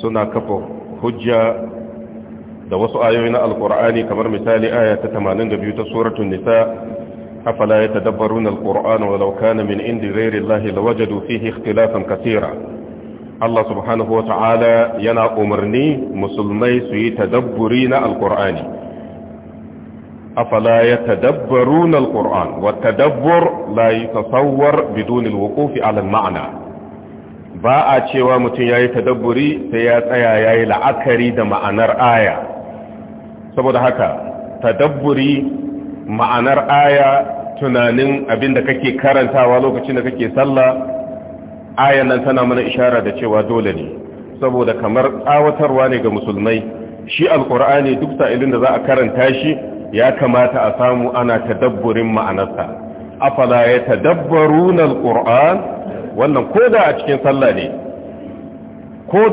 suna kafa hujja da wasu ayoyi na alkur'ani kamar misali aya ta 82 ta suratul nisa afala yatadabbaruna alqur'ana walau kana min indi ghayri allahi lawajadu fihi ikhtilafan katira Allah subhanahu wa ta'ala yana umarni musulmai su yi tadabburi na alkur'ani afala ya tadabbaru alquran wa tadabbur la yatasawwar bidun alwuquf ala almaana ba a cewa mutum ya yi tadabburi sai ya tsaya ya yi la'akari da ma'anar aya saboda haka tadabburi ma'anar aya tunanin abinda kake karantawa lokacin da kake sallah ayan nan tana mana ishara da cewa dole ne saboda kamar tsawatarwa ne ga musulmai shi alkur'ani duk sa'ilin da za a karanta shi ya kamata a samu ana tadabburin ma'anarsa afala ya tadabbaruna alquran wannan da a cikin sallah ne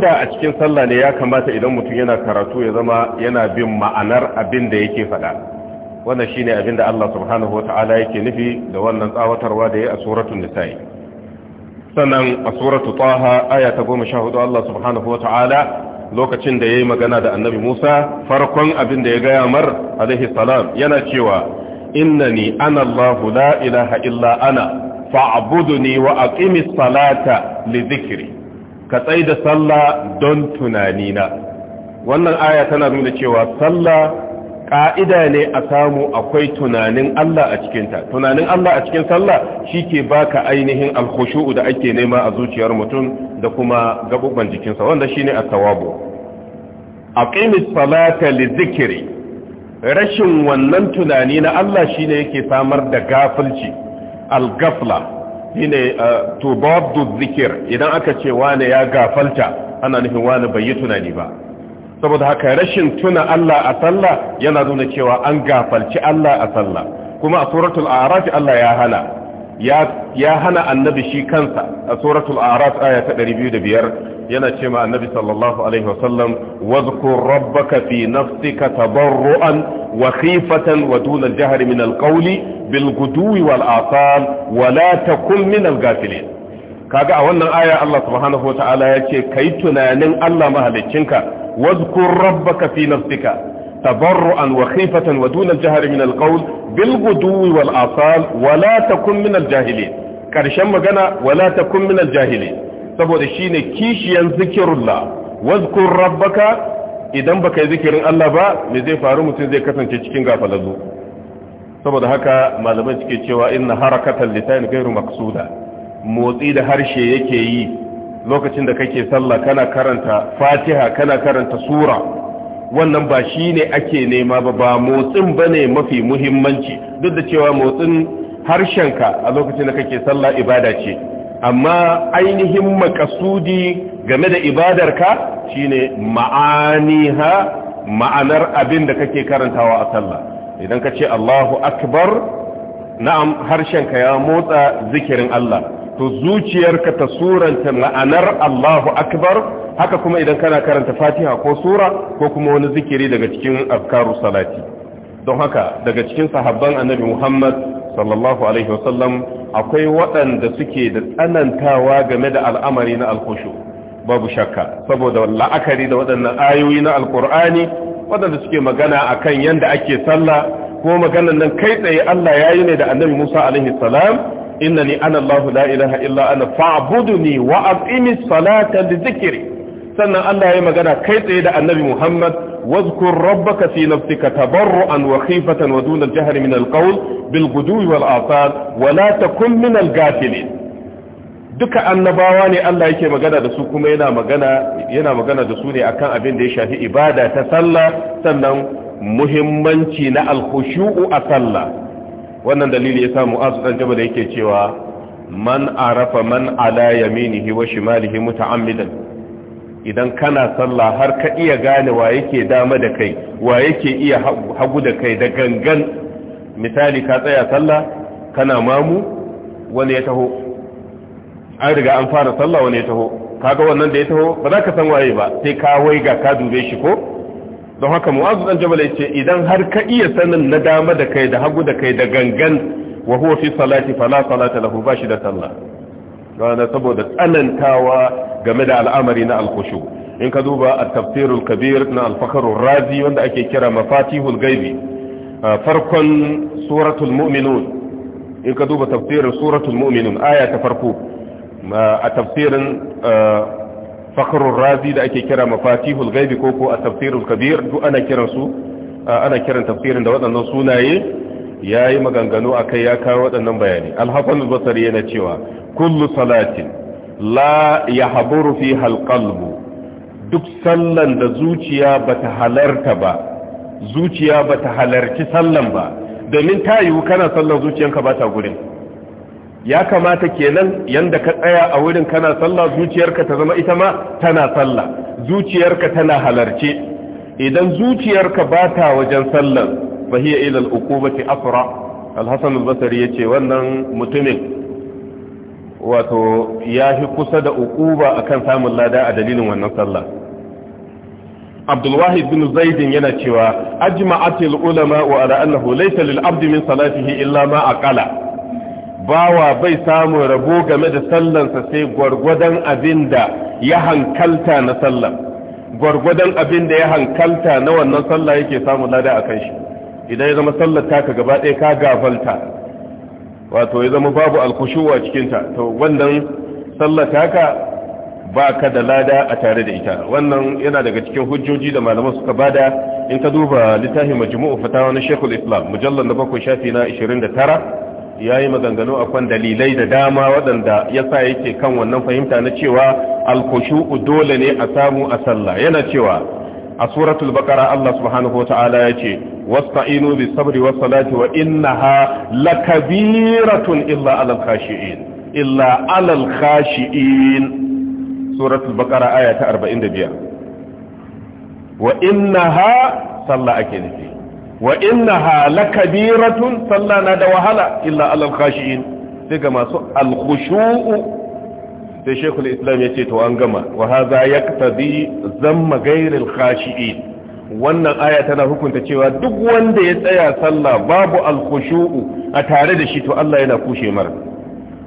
da a cikin sallah ne ya kamata idan mutum yana karatu ya zama yana bin ma'anar abin da yake faɗa wannan shine abin da Allah subhanahu ta'ala yake nufi da wannan tsawatarwa da ya a suratun nisa'i sannan a suratu taha aya ta hudu Allah subhanahu ta'ala. lokacin da yayi magana da annabi Musa farkon abin da ya gaya mar alaihi salam yana cewa innani ana Allahu la ilaha illa ana fa'buduni wa aqimis salata li dhikri ka tsaida sallah don tunanina wannan aya tana nuna cewa sallah ƙa'ida ne a samu akwai tunanin Allah a cikinta tunanin Allah a cikin sallah shi ke baka ainihin alkhushu'u da ake nema a zuciyar mutum da kuma gabubban jikinsa wanda shine at-tawabu aqimis salata zikiri, rashin wannan tunani na Allah shine yake samar da gafilci al-ghafla shine uh, tubaddu zikir idan aka ce wane ya gafalta ana nufin wane bai yi tunani ba saboda haka rashin tuna Allah a sallah yana nuna cewa an gafalci Allah a sallah kuma a suratul a'raf Allah ya hana ya hana annabi shi kansa a suratul a'raf aya ta 205 yana cewa annabi sallallahu alaihi wasallam wadhkur rabbaka fi nafsika tabarruan wa khifatan wa duna al-jahri min al-qawli bil gudwi wal asal wa la takun min al-ghafilin kaga a wannan aya Allah subhanahu wataala ya ce kai tunanin Allah mahaliccinka واذكر ربك في نفسك تضرعا وخيفة ودون الجهر من القول بالغدو والآصال ولا تكن من الجاهلين كرشم مغنى ولا تكن من الجاهلين saboda shine kishiyan zikirullah wazkur rabbaka idan baka yi zikirin Allah ba me zai faru mutum zai kasance cikin gafalazu saboda haka malamai suke cewa inna harakatan lisan ghairu maqsuda motsi da harshe yake yi lokacin da kake sallah kana karanta fatiha kana karanta sura wannan ba shi ne ake nema ba ba motsin ba ne mafi muhimmanci duk da cewa motsin harshenka a lokacin da kake sallah ibada ce amma ainihin makasudi game da ibadarka shine ma'aniha ma'anar abin da kake karantawa a sallah idan ka ce Allahu akbar na'am harshenka ya motsa zikirin Allah to zuciyarka ta suranta ma'anar Allahu akbar haka kuma idan kana karanta fatiha ko sura ko kuma wani zikiri daga cikin afkaru salati don haka daga cikin sahabban annabi Muhammad sallallahu alaihi wasallam akwai waɗanda suke da tsanantawa game da al'amari na alkushu babu shakka saboda la'akari da waɗannan ayoyi na alkur'ani waɗanda suke magana akan yanda ake sallah ko maganan nan kai tsaye Allah ya yi ne da annabi Musa alaihi salam innani ana Allah la ilaha illa ana fa'buduni wa aqimis salata li dhikri sannan Allah ya magana kai tsaye da Annabi Muhammad واذكر ربك في نفسك تبرعا وخيفة ودون الجهر من القول بالغدو والآصال ولا تكن من الغافلين duka annabawa ne Allah yake magana da su kuma yana magana yana magana da su ne akan abin da ya shafi ibada ta sallah sannan muhimmanci na alkhushu'u a sallah wannan dalili sa mu'az dan da yake cewa man arafa man ala yaminihi wa shimalihi muta'ammidan idan kana sallah har ka iya gane wa yake dama da kai wa yake iya hagu da kai da gangan misali ka tsaya sallah kana mamu wani ya taho an riga an fara sallah wani ya taho kaga wannan da ya taho ba za ka san waye ba sai ka waiga ka dube shi ko don haka mu'azu dan jabal yace idan har ka iya sanin na dama da kai da hagu da kai da gangan wa huwa fi salati fala salata lahu bashi da sallah don saboda tsanantawa game da al'amari na al in ka duba at-tafsir kabir na al-fakhr razi wanda ake kira mafatihul ghaibi farkon suratul mu'minun in ka duba tafsirin suratul mu'minun aya ta farko a tafsirin fakhrul razi da ake kira mafatihul ghaibi ko ko at-tafsirul kabir duk ana kiran su ana kiran tafsirin da waɗannan sunaye yayi maganganu akai ya kawo waɗannan bayani al-hasan al yana cewa kullu salatin la yahburu fiha al duk sallan da zuciya bata halarta ba zuciya bata halarci sallan ba domin ta yiwu kana sallan zuciyanka ba ta gurin ya kamata kenan yanda ka tsaya a wurin kana sallah zuciyarka ta zama ita ma tana sallah zuciyarka tana halarce idan zuciyarka ba ta wajen sallar fahiya ilal uqubati afra al-hasan ya ce wannan mutumin wato ya fi kusa da a akan samun lada a dalilin wannan sallah Abdulwahid bin Zaidin yana cewa ajma'atil ulama wa ala annahu laysa lil abdi min salatihi illa ma aqala bawa bai samun rabo game da sallansa sai gwargwadon abin da ya hankalta na sallah gwargwadon abin da ya hankalta na wannan sallah yake samun lada a kan shi idan ya zama sallar taka gaba ɗaya ka gafalta wato ya zama babu alkushuwa cikinta to wannan sallar taka ba ka da lada a tare da ita wannan yana daga cikin hujjoji da malaman suka bada in ka duba littafin majmu'u fatawa na Sheikhul Islam mujallar na bakwai shafi na 29 ya yi maganganu akan dalilai da dama waɗanda ya sa yake kan wannan fahimta na cewa alkushu'u dole ne a samu a sallah yana cewa a suratul bakara Allah subhanahu wata'ala ya ce wasta'inu bis sabri was salati wa innaha lakabiratun illa alal khashi'in illa alal khashi'in suratul bakara aya ta 45 wa innaha sallah ake nufi wa innaha lakabiratun sallah na da wahala illa alal khashiin sai ga masu alkhushu'u sai shekul islam ya ce to an gama wa hadha yaktabi zamma ghairil khashiin wannan aya tana hukunta cewa duk wanda ya tsaya sallah babu alkhushu'u a tare da shi to Allah yana kushe mara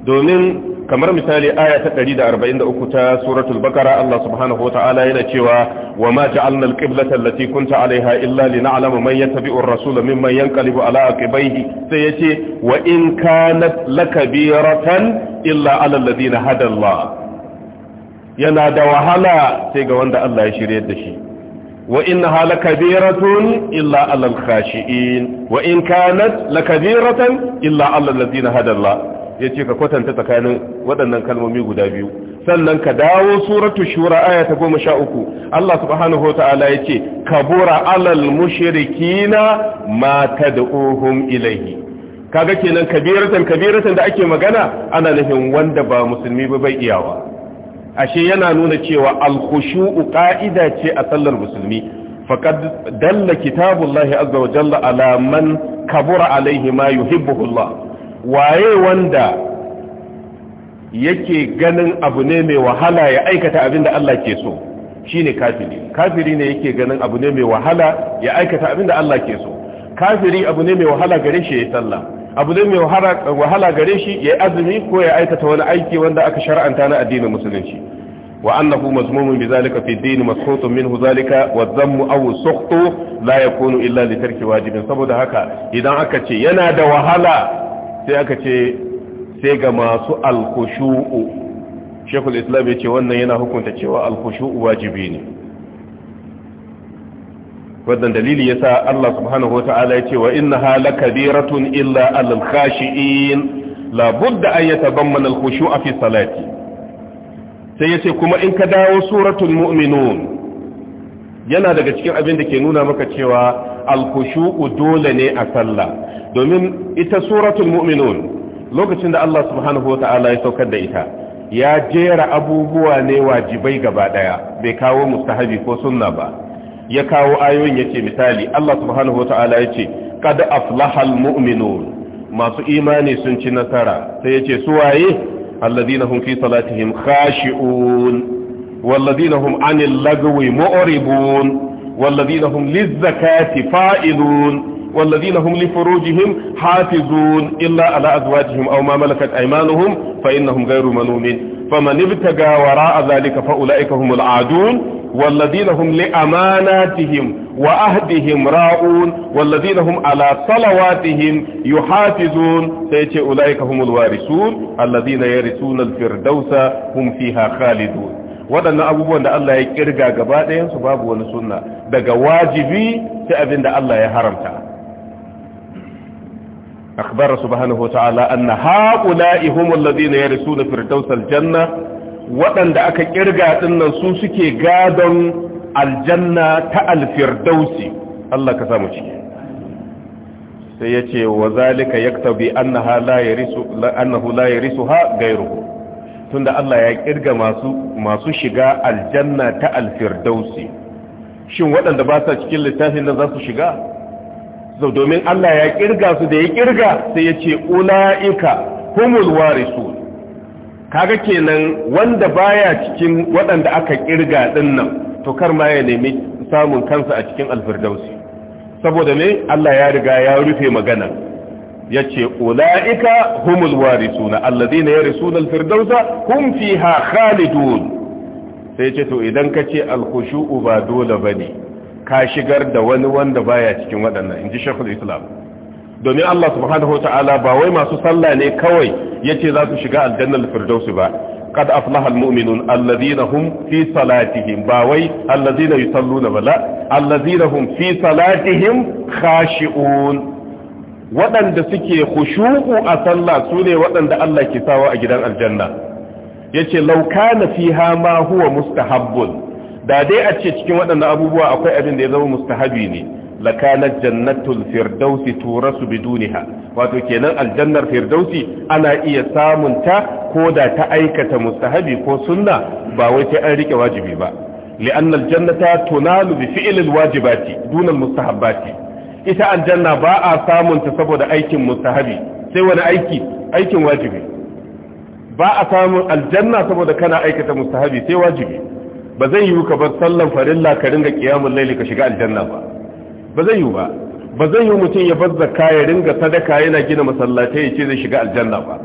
domin kamar misali aya ta 143 ta suratul bakara Allah subhanahu wataala yana cewa wa ma ja'alna al-qiblata allati kunta 'alayha illa lin'alama man yattabi'u ar-rasula mimman yanqalibu 'ala aqibaihi sai yace wa in kanat lakabiratan illa 'ala alladhina hada Allah yana da wahala sai ga wanda Allah ya shirye da shi wa innaha lakabiratun illa 'ala al-khashi'in wa in kanat lakabiratan illa 'ala alladhina hada Allah ya ce ka kwatanta tsakanin waɗannan kalmomi guda biyu sannan ka dawo suratu shura aya ta goma sha uku Allah subhanahu wa ta'ala ya ce bura alal mushrikina ma tad'uhum ilayhi kaga kenan kabiratan kabiratan da ake magana ana nufin wanda ba musulmi ba bai iyawa ashe yana nuna cewa al qa'ida ce a sallar musulmi faqad dalla kitabullahi azza wa jalla ala man kabura alaihi ma yuhibbuhu Allah waye wanda yake ganin abu ne mai wahala ya aikata abin da Allah ke so shine kafiri kafiri ne yake ganin abu ne mai wahala ya aikata abin da Allah ke so kafiri abu ne mai wahala gare shi ya sallah abu ne mai wahala gare shi ya yi azumi ko ya aikata wani aiki wanda aka shar'anta na addinin musulunci wa annahu mazmumun bi zalika fi din maskhutun minhu zalika wa dhammu aw sukhtu la yakunu illa li tarki wajibin saboda haka idan aka ce yana da wahala sai aka ce sai ga masu alkushu'u shekul islam ya ce wannan yana hukunta cewa alkushu'u wajibi ne wannan dalili sa Allah subhanahu wata'ala ya ce wa inna halakabiratun illa alal khashi'in la budda an yatabammana alkhushu'a fi salati sai yace kuma in ka dawo suratul mu'minun yana daga cikin abin da ke nuna maka cewa alkushu'u dole ne a sallah domin ita suratul mu'minun lokacin da Allah subhanahu wa ya saukar da ita ya jera abubuwa ne wajibai gaba daya bai kawo mustahabi ko sunna ba ya kawo ayoyin yace misali Allah subhanahu wa yace qad aflahal mu'minun masu imani sun ci nasara sai yace su alladhina hum fi salatihim khashi'un والذين والذين هم للزكاة فائدون والذين هم لفروجهم حافظون إلا على أزواجهم أو ما ملكت أيمانهم فإنهم غير ملومين فمن ابتغى وراء ذلك فأولئك هم العادون والذين هم لأماناتهم وأهدهم راؤون والذين هم على صلواتهم يحافظون سيتي أولئك هم الوارثون الذين يرثون الفردوس هم فيها خالدون waɗannan abubuwan da Allah ya kirga gaba ɗayansu babu wani sunna daga wajibi ta abin da Allah ya haramta akbara subhanahu wata'ala anna haula'i humul ladina yarisuna firdausul janna waɗanda aka kirga dinnan su suke gadon aljanna ta alfirdausi Allah ka samu ciki sai yace wa zalika yaktabi annaha la yarisu annahu la yarisuha ghayruhu tunda Allah ya kirga masu masu shiga aljanna ta alfirdausi shin waɗanda ba sa cikin littafin nan za su shiga so domin Allah ya kirga su da ya kirga sai ya ce ula'ika humul warisun kaga kenan wanda baya cikin waɗanda aka kirga din nan to kar ma ya nemi samun kansa a cikin alfirdausi saboda ne Allah ya riga ya rufe magana. yace ulaika humul warisuna alladhina yarisuna alfirdausa hum fiha khalidun sai ce to idan kace alkhushu'u ba dole bane ka shigar da wani wanda baya cikin waɗannan inji shaykhul islam domin Allah subhanahu ta'ala ba wai masu sallah ne kawai yace za su shiga aljannar firdausi ba قد أفلح المؤمنون الذين هم في صلاتهم باوي الذين يصلون بلا الذين هم في صلاتهم خاشئون waɗanda suke hushuku a sallah su ne waɗanda Allah ke sawa a gidan aljanna yace lauka na fi ma huwa mustahabbun da dai a ce cikin waɗanda abubuwa akwai abin da ya zama mustahabi ne lakanat jannatul firdausi turasu duniya. wato kenan aljannar firdausi ana iya samun ta ko da ta aikata mustahabi ko sunna ba wai sai an rike wajibi ba li'anna jannata tunalu bi fi'l wajibati duna mustahabbati ita aljanna ba a samun ta saboda aikin mustahabi sai wani aiki aikin wajibi ba a samun aljanna saboda kana aikata mustahabi sai wajibi ba zan yiwu ka bar sallan farilla ka ringa qiyamul layli ka shiga aljanna ba ba zan yiwu ba ba zan yiwu mutum ya bar zakka ya ringa sadaka yana gina masallatai ya ce zai shiga aljanna ba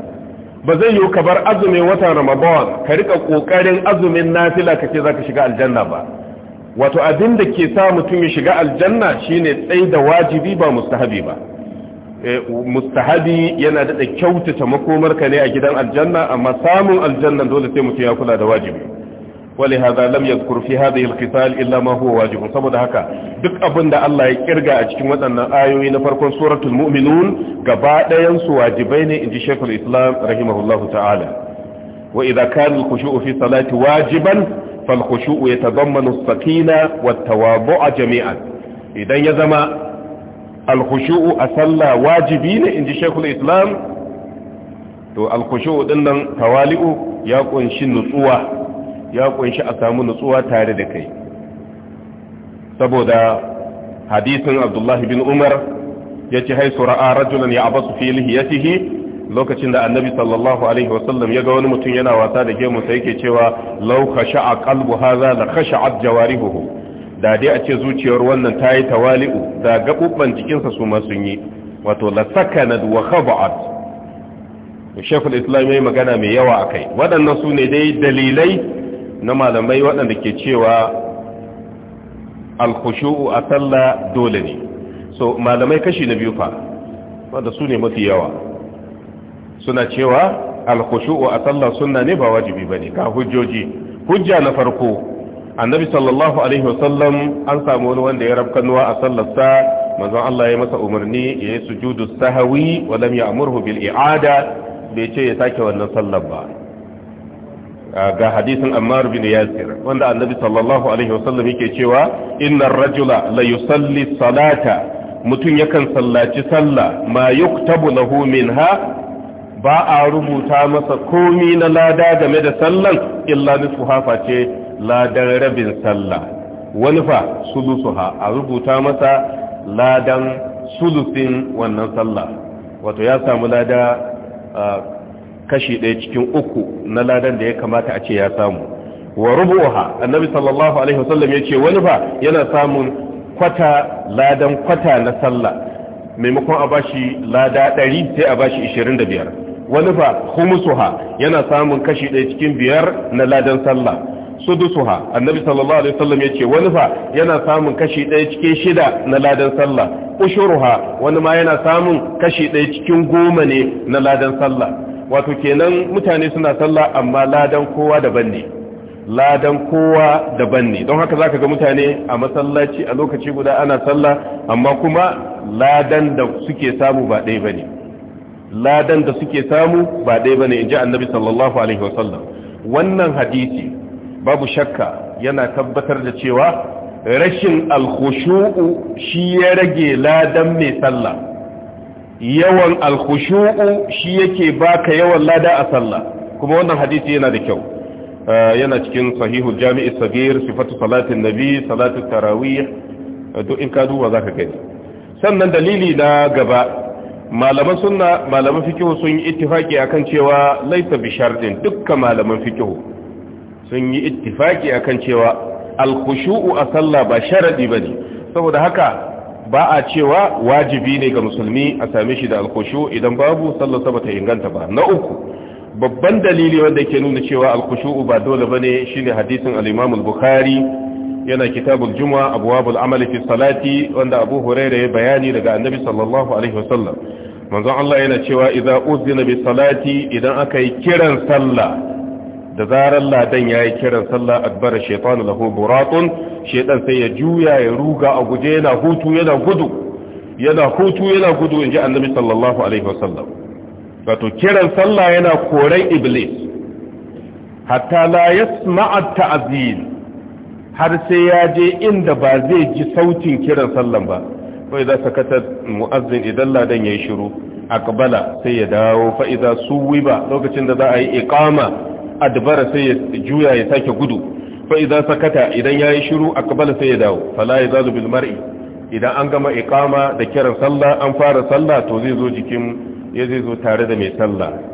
ba zan yiwu ka bar azumin watan ramadan ka rika kokarin azumin nafila ka ce zaka shiga aljanna ba wato abin da ke sa mutum ya shiga aljanna shine tsaye da wajibi ba mustahabi ba eh, mustahabi yana da kyautata makomarka ne a gidan aljanna amma samun aljanna dole sai mutum ya kula da wajibi wali hada lam yadhkur fi hadhihi alqital illa ma huwa saboda haka duk abin da Allah ya kirga a cikin waɗannan ayoyi na farkon suratul mu'minun gaba ɗayan su wajibai ne inji Sheikhul Islam rahimahullahu ta'ala wa idza kana al-khushu'u fi salati wajiban فالخشوع يتضمن السكينة والتواضع جميعا إذا يزم الخشوع أصلى واجبين عند شيخ الإسلام to alkushu dinnan tawali'u ya kunshi nutsuwa ya ƙunshi a samu nutsuwa tare da kai saboda hadisin abdullahi bin umar ya ci haisu ra'a rajulan ya abasu ya lihiyatihi lokacin da annabi sallallahu alaihi wasallam ya ga wani mutum yana wasa da gemu sai yake cewa law a qalbu hadha la khasha'at jawarihuhu da dai a ce zuciyar wannan ta yi tawali'u da gabubban jikinsa su ma sun yi wato la sakanat wa khaba'at shekul islam magana mai yawa a kai waɗannan su ne dai dalilai na malamai waɗanda ke cewa alkushu'u a sallah dole ne so malamai kashi na biyu fa wadda su ne mafi yawa suna cewa alkushu'u a sallar sunna ne ba wajibi ba ne ka hujjoji hujja na farko annabi sallallahu alaihi wasallam an samu wani wanda ya rabkanuwa a sallarsa mazan Allah ya masa umarni ya yi sujudu sahawi wa lam ya'murhu bil i'ada bai ce ya sake wannan sallar ba ga hadisin Ammar bin Yasir wanda annabi sallallahu alaihi wasallam yake cewa innar rajula la yusalli salata mutum yakan sallaci sallah ma yuktabu lahu minha ba a rubuta masa komi na lada game da sallan illa nisfuha ce ladan rabin sallah wani fa sulusuha a rubuta masa ladan sulusin wannan sallah wato ya samu lada kashi ɗaya cikin uku na ladan da ya kamata a ce ya samu wa rubuha annabi sallallahu alaihi wasallam ya ce wani fa yana samun kwata ladan kwata na sallah maimakon a bashi lada ɗari sai a bashi ishirin da biyar wani fa khumusuha yana samun kashi ɗaya cikin biyar na ladan sallah sudusuha annabi sallallahu alaihi wasallam yace wani fa yana samun kashi ɗaya cikin shida na ladan sallah ushuruha wani ma yana samun kashi ɗaya cikin goma ne na ladan sallah wato kenan mutane suna sallah amma ladan kowa daban ne ladan kowa daban ne don haka zaka ga mutane a masallaci a lokaci guda ana sallah amma kuma ladan da suke samu ba ɗaya bane ladan da suke samu ba dai bane ji annabi sallallahu alaihi wasallam wannan hadisi babu shakka yana tabbatar da cewa rashin alkhushu'u shi ya rage ladan mai sallah yawan alkhushu'u shi yake baka yawan lada a sallah kuma wannan hadisi yana da kyau uh, yana cikin sahihul jami'is sagir sifatu salatin nabi salatu tarawih uh, duk in ka duba zaka gani sannan dalili na gaba malaman sunna malaman fikihu sun yi ittifaki akan cewa laisa bi shartin dukkan malaman fikihu sun yi ittifaki akan cewa al-khushu'u a sallah ba sharadi bane saboda haka ba a cewa wajibi ne ga musulmi a same shi da al-khushu idan babu sallar sabata inganta ba na uku babban dalili wanda yake nuna cewa al-khushu'u ba dole bane shine hadisin al-Imam al-Bukhari yana kitabul juma'a abwabul amali fi salati wanda abu huraira ya bayani daga annabi sallallahu alaihi wasallam manzon Allah yana cewa idza uzina bi salati idan aka yi kiran sallah da zarar ladan yayi kiran sallah akbar shaytan lahu buratun shaytan sai ya juya ya ruga a guje yana hutu yana gudu yana hutu yana gudu inji annabi sallallahu alaihi wasallam wato kiran sallah yana koran iblis hatta la yasma'a ta'zin har sai ya je inda ba zai ji sautin kiran sallan ba za idza sakata mu'azzin idan ladan yayi shiru akbala sai ya dawo fa su suwiba lokacin da za a yi iqama dabara sai ya juya ya sake gudu fa idza sakata idan yayi shiru akbala sai ya dawo fala yazalu bil mar'i idan an gama iqama da kiran sallah an fara sallah to zai zo jikin ya zai zo tare da mai sallah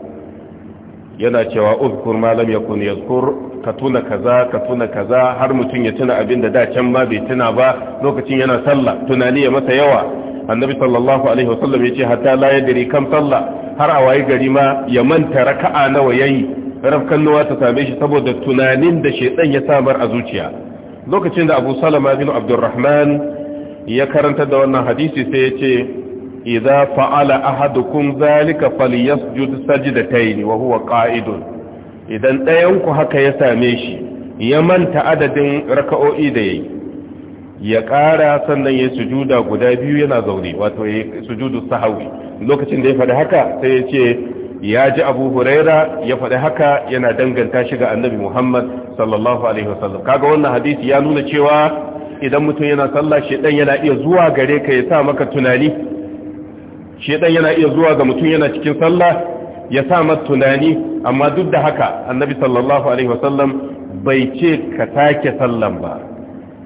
yana cewa uzkur malam ya yakun yazkur ka tuna kaza ka tuna kaza har mutum ya tuna abin da dacen ma bai tuna ba lokacin yana sallah tunani ya masa yawa annabi sallallahu alaihi wasallam yace hatta la yadri kam sallah har a waye gari ma ya manta raka'a nawa yayi rafkan nuwa ta same shi saboda tunanin da shedan ya samar a zuciya lokacin da Abu Salama bin Abdurrahman ya karanta da wannan hadisi sai yace idza fa'ala ahadukum zalika falyasjud sajdatayn wa huwa qa'idun idan ɗayan ku haka ya same shi ya manta adadin raka'o'i da yayi ya ƙara sannan ya sujuda guda biyu yana zaune wato ya sujudu sahawi lokacin da ya faɗi haka sai ya ce ya ji abu huraira ya faɗi haka yana danganta shi ga annabi muhammad sallallahu alaihi wasallam kaga wannan hadisi ya nuna cewa idan mutum yana sallah shi ɗan yana iya zuwa gare ka ya sa maka tunani shedan yana iya zuwa ga mutum yana cikin sallah ya sa masa tunani amma duk da haka annabi sallallahu alaihi wasallam bai ce ka take sallan ba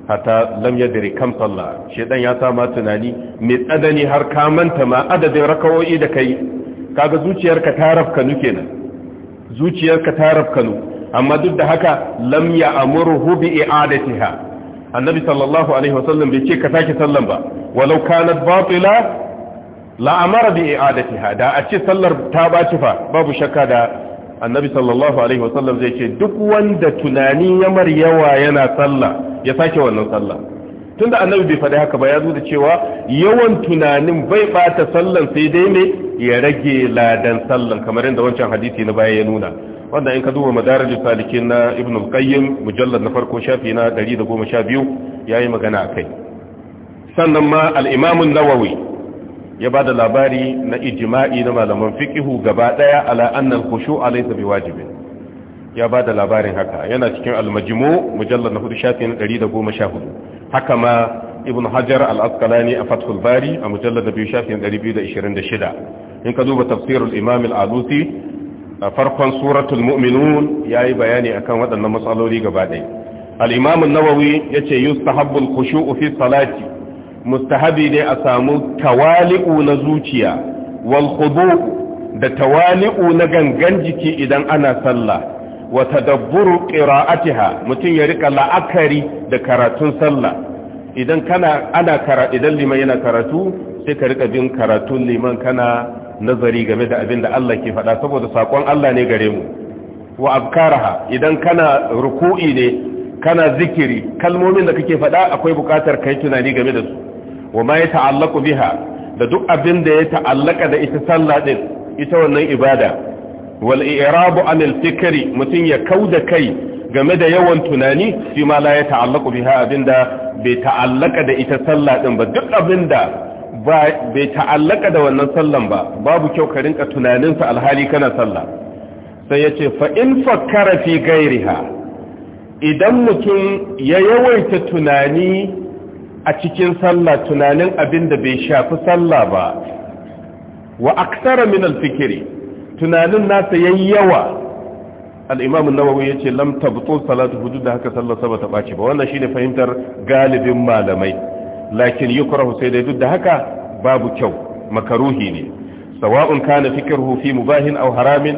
hata lam yadri kam sallah shedan ya sa ma tunani mai tsadani har ka manta ma adadin rakawoyi da kai kaga zuciyarka ta nu kenan zuciyarka ta nu amma duk da haka lam ya amurhu bi i'adatiha annabi sallallahu alaihi wasallam bai ce ka take sallan ba walau kanat batila la'amara bi i'adatiha da a ce sallar ta baci fa babu shakka da annabi sallallahu alaihi wasallam zai ce duk wanda tunani ya mar yawa yana sallah ya sake wannan sallah tunda annabi bai faɗi haka ba ya zo da cewa yawan tunanin bai bata sallan sai dai ne ya rage ladan sallan kamar yadda wancan hadisi na baya ya nuna wanda in ka duba madarajin salikin na ibn al-qayyim mujallad na farko shafi na 112 yayi magana akai sannan ma al-imam an-nawawi ya ba da labari na ijima'i na malaman fiqihu gaba daya ala annal khushu'a laysa biwajibin ya ba da labarin haka yana cikin al-majmu mujallad na 414 haka ma ibn hajar al-asqalani a fathul bari a mujallad na 226 in ka duba tafsirul imam al-alusi a farkon suratul mu'minun yayi bayani akan waɗannan matsaloli gaba daya al-imam an-nawawi yace yustahabbul khushu'u fi salati mustahabi ne a samu tawali'u na zuciya wal khudu da tawali'u na gangan jiki idan ana sallah wa tadabburu qira'atiha mutum ya rika la'akari da karatun sallah idan kana ana kara idan liman yana karatu sai ka rika bin karatun liman kana nazari game da abin da Allah ke faɗa saboda sakon Allah ne gare mu wa afkaraha idan kana ruku'i ne kana zikiri kalmomin da kake faɗa akwai buƙatar kai tunani game da su wa ma ya ta'allaku biha da duk abin da ya ta'allaka da ita sallah din ita wannan ibada wal i'rabu anil fikri mutum ya kauda kai game da yawan tunani shi ma la ya ta'allaku biha abinda bai ta'allaka da ita sallah ba duk abinda bai ta'allaka da wannan sallan ba babu kyau ka rinka tunaninsa alhali kana sallah sai yace fa in fakkara fi ghairiha idan mutum ya yawaita tunani a cikin sallah tunanin abin da bai shafi sallah ba wa aksara min alfikiri tunanin nasa yayyawa al-imam an-nawawi yace lam salatu hudud da haka sallah saba ta baci ba wannan shine fahimtar galibin malamai lakin yukrahu sai dai duk da haka babu kyau makaruhi ne sawa'un kana fikruhu fi mubahin aw haramin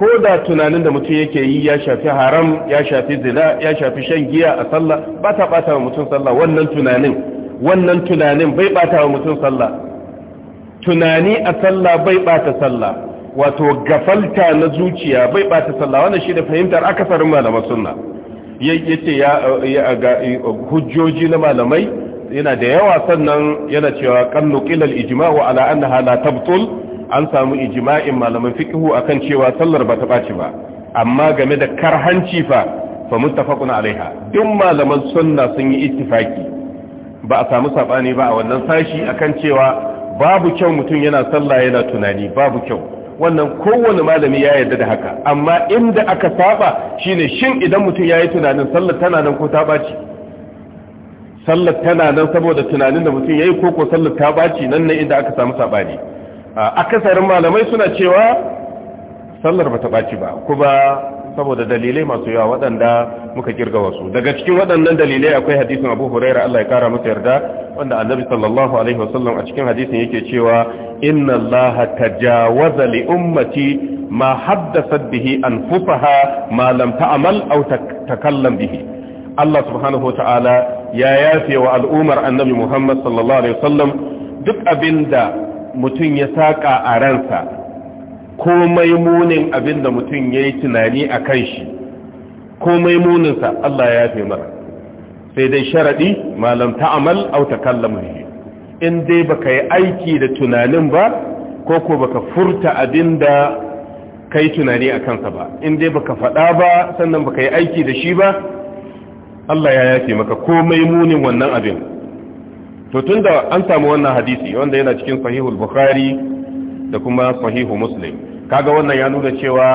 ko da tunanin da mutum yake yi ya shafi haram ya shafi zina ya shafi shan giya a sallah ba ta bata wa mutum sallah wannan tunanin wannan tunanin bai bata wa mutum sallah tunani a sallah bai bata sallah wato gafalta na zuciya bai bata sallah wannan shi da fahimtar akasarin malaman sunna yace ya ga eh, hujjoji na malamai yana da yawa sannan yana cewa qannu qilal ijma'u ala annaha la tabtul an samu ijma'in malaman fiqhu akan cewa sallar ba ta baci ba amma game da karhanci fa fa muttafaqun alaiha duk malaman sunna sun yi ittifaki ba a samu sabani ba a wannan sashi akan cewa babu kyau mutum yana sallah yana tunani babu kyau wannan kowane malami ya yarda da haka amma inda aka saba shine shin idan mutum yayi tunanin sallar tana nan ko ta baci sallar tana nan saboda tunanin da mutum yayi ko ko sallar ta baci nan ne inda aka samu sabani akasarin malamai suna cewa sallar bata baci ba kuma saboda dalilai masu yawa waɗanda muka kirga wasu daga cikin waɗannan dalilai akwai hadisin Abu Huraira Allah ya kara masa yarda wanda Annabi sallallahu alaihi wasallam a cikin hadisin yake cewa inna Allah tajawaza li ummati ma haddasa bihi anfusaha ma lam ta'mal aw takallam bihi Allah subhanahu wa ta'ala ya yafe wa al'umar Annabi Muhammad sallallahu alaihi wasallam duk abinda mutum ya saƙa a ransa komai munin abin da mutum ya yi tunani a kan shi komai muninsa Allah ya fi mara sai dai sharaɗi malam ta'amal au takallamu in dai baka yi aiki da tunanin ba ko ko baka furta abin da yi tunani a kansa ba in dai baka faɗa ba sannan baka yi aiki da shi ba Allah ya yafe maka komai munin wannan abin to tun da an samu wannan hadisi wanda yana cikin sahihul bukhari da kuma sahihu muslim kaga wannan ya nuna cewa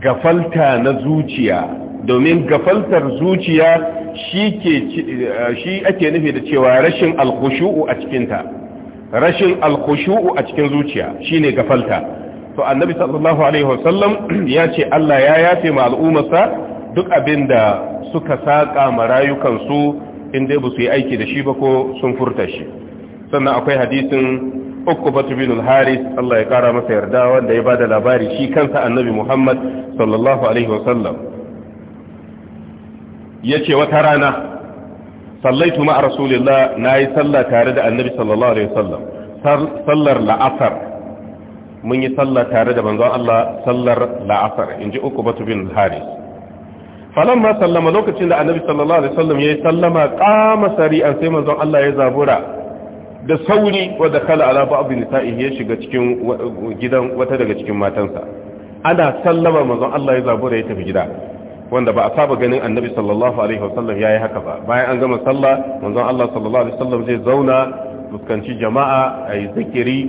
gafalta na zuciya domin gafaltar zuciya shi eh, ake nufi da cewa rashin alkhushu'u a cikinta rashin alkhushu'u a cikin zuciya shine gafalta to annabi sallallahu alaihi wasallam ya ce Allah ya yafe ma al'ummarsa duk abinda suka saka marayukan su in dai ba su yi aiki da shi ba ko sun furta shi sannan akwai hadisin batu bin al-haris Allah ya kara masa yarda wanda ya bada labari shi kansa annabi Muhammad sallallahu alaihi wasallam yace wata rana sallaitu ma'a rasulillah nayi sallah tare da annabi sallallahu alaihi wasallam sallar la'asar mun yi sallah tare da manzon Allah sallar la'asar inji batu bin al-haris falan ma sallama lokacin da annabi sallallahu alaihi wasallam yayi sallama qama sari'an sai manzon Allah ya zabura da sauri wa kala ala ba'd ya shiga cikin gidan wata daga cikin matansa ana sallama manzon Allah ya zabura ya tafi gida wanda ba a saba ganin annabi sallallahu alaihi wasallam haka ba bayan an gama sallah manzon Allah sallallahu alaihi wasallam zai zauna fuskanci jama'a ayi zikiri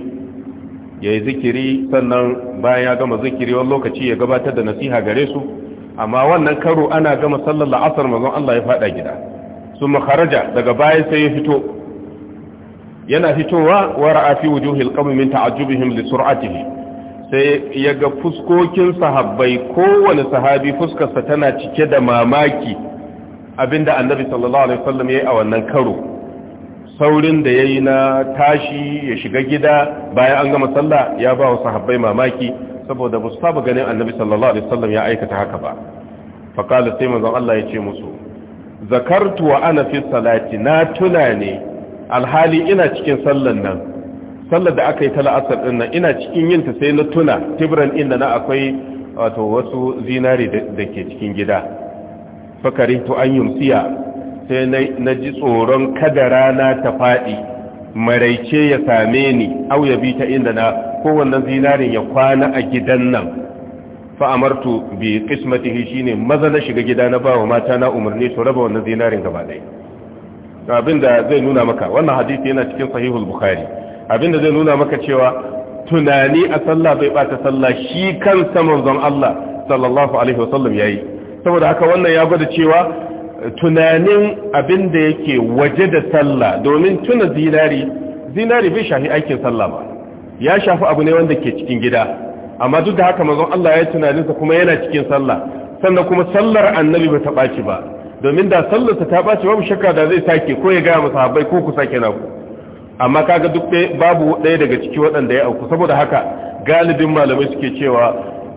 yayi zikiri sannan bayan ya gama zikiri wani lokaci ya gabatar da nasiha gare su amma wannan karo ana gama sallar la'asar mazan Allah ya fada gida su makaraja daga baya sai ya fito yana fitowa wara fi wujuhil qawmi min ta'ajjubihim li sur'atihi sai ya ga fuskokin sahabbai kowane sahabi fuskarsa tana cike da mamaki abinda annabi sallallahu alaihi wasallam yayi a wannan karo saurin da yayi na tashi ya shiga gida bayan an gama sallah ya ba wa sahabbai mamaki saboda ba su saba ganin annabi sallallahu alaihi wasallam ya aikata haka ba fa qala sai manzon Allah ya ce musu zakartu wa ana fi salati na tuna ne alhali ina cikin sallan nan sallar da aka yi ta la'asar din nan ina cikin yin ta sai na tuna tibran inda na akwai wato wasu zinari da ke cikin gida fakari to an yumsiya sai na ji tsoron kada rana ta faɗi maraice ya same ni au ya bi ta inda na kowannan zinarin ya kwana a gidan nan fa'amartu bi shi shine maza na shiga gida na bawa mata na umarni su raba wannan zinarin gaba ɗaya abinda zai nuna maka wannan hadisi yana cikin sahihul bukhari abinda zai nuna maka cewa tunani a sallah bai bata sallah shi kansa manzon Allah sallallahu alaihi wasallam yayi saboda haka wannan ya gwada cewa tunanin abin da yake waje da sallah domin tuna zinari zinari bai shafi aikin sallah ba ya shafi abu ne wanda ke cikin gida amma duk da haka manzon Allah ya tunaninsa kuma yana cikin sallah sannan kuma sallar annabi ba ta ɓaci ba domin da sallarsa ta ɓaci babu shakka da zai sake ko ya gaya masahabbai ko ku sake naku amma kaga duk babu ɗaya daga ciki waɗanda ya auku saboda haka galibin malamai suke cewa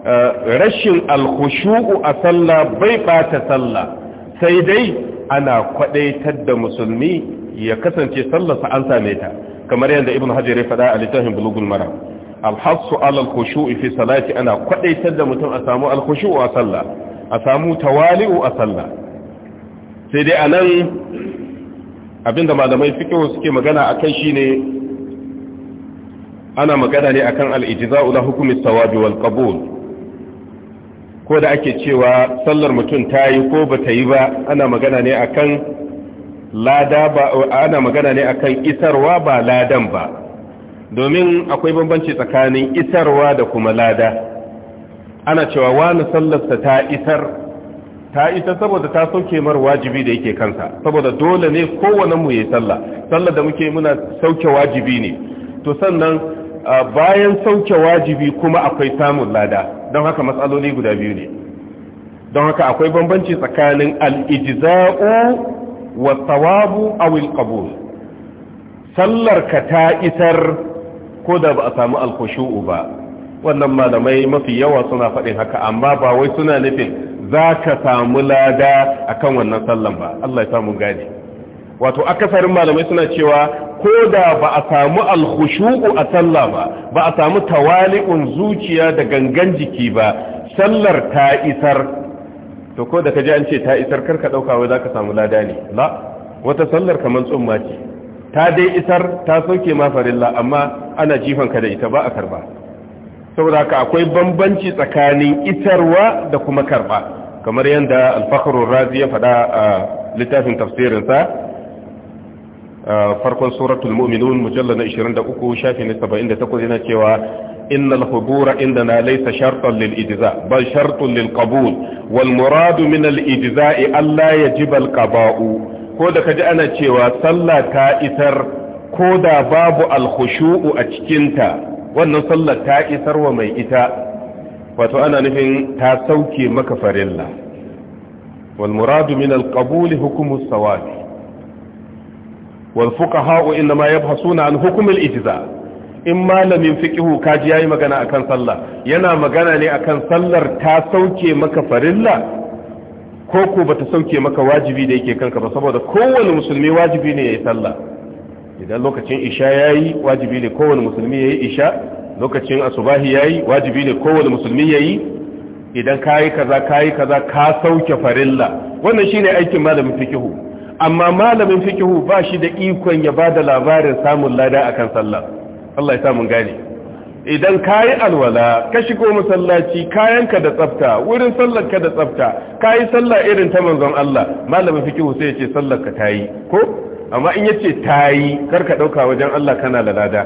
eh, rashin alkhushu'u a sallah bai ɓata sallah sai dai ana kwadaitar da musulmi ya kasance sallarsa an same ta kamar yadda ibn hajar ya faɗa a littafin bulugul mara alhassu alal khushu'i fi salati ana kwadaitar da mutum a samu alkhushu'u a sallah a samu tawali'u a sallah sai dai anan abinda malamai fiqh suke magana akan shine ana magana ne akan al-ijza'u la hukmi as-sawabi wal qabul ko da ake cewa sallar mutum ta yi ko ba ta yi ba ana magana ne akan lada ba ana magana ne akan isarwa ba ladan ba domin akwai bambanci tsakanin isarwa da kuma lada ana cewa wani sallarsa ta isar ta isar saboda ta sauke mar wajibi da yake kansa saboda dole ne kowane mu yi sallah sallar da muke muna sauke wajibi ne to sannan bayan sauke wajibi kuma akwai samun lada don haka matsaloli guda biyu ne don haka akwai bambanci tsakanin al-ijza'u wa tsawabu aw al sallar ka ta isar ko da ba a samu alkushu'u ba wannan malamai mafi yawa suna faɗin haka amma ba wai suna nufin za ka samu lada akan wannan sallan ba Allah ya samu gadi wato akasarin malamai suna cewa ko ba a samu alkhushu'u a sallah ba ba a samu tawali'un zuciya da gangan jiki ba sallar ta isar to ko ka ji an ce ta isar karka dauka wai zaka samu lada ne la wata sallar kaman tsumma ce ta dai isar ta soke ma farilla amma ana jifan ka da ita ba a karba saboda haka akwai bambanci tsakanin isarwa da kuma karba kamar yadda al-fakhrur razi ya faɗa a littafin tafsirinsa farkon suratul mu'minun mujalla na 23 shafi na 78 yana cewa innal hubura indana laysa shartan lil ijza bal shartun lil qabul wal murad min al ijza alla yajiba al qaba'u ko da kaji ana cewa sallah ta isar ko da babu al khushu'u a cikin ta wannan sallah ta isar wa mai ita wato ana nufin ta sauke maka farilla wal murad min al qabul hukmu sawabi wal fuqaha'u inna ma yabhasuna an ijza in malamin fiqhu kaji yayi magana akan sallah yana magana ne akan sallar ta sauke maka farilla ko ko bata sauke maka wajibi da yake kanka ba saboda kowane musulmi wajibi ne yayi sallah idan lokacin isha yayi wajibi ne kowane musulmi yayi isha lokacin asubahi yayi wajibi ne kowane musulmi yayi idan kayi kaza kayi kaza ka sauke farilla wannan shine aikin malamin fikihu. amma malamin fikihu ba shi da ikon ya ba da labarin samun lada akan sallah Allah ya samun gane idan ka yi alwala ka shigo masallaci kayanka da tsafta wurin sallarka da tsafta ka yi sallah irin ta manzon Allah malamin fikihu sai ya ce sallarka ta yi ko amma in ya ce ta yi karka ɗauka wajen Allah kana da lada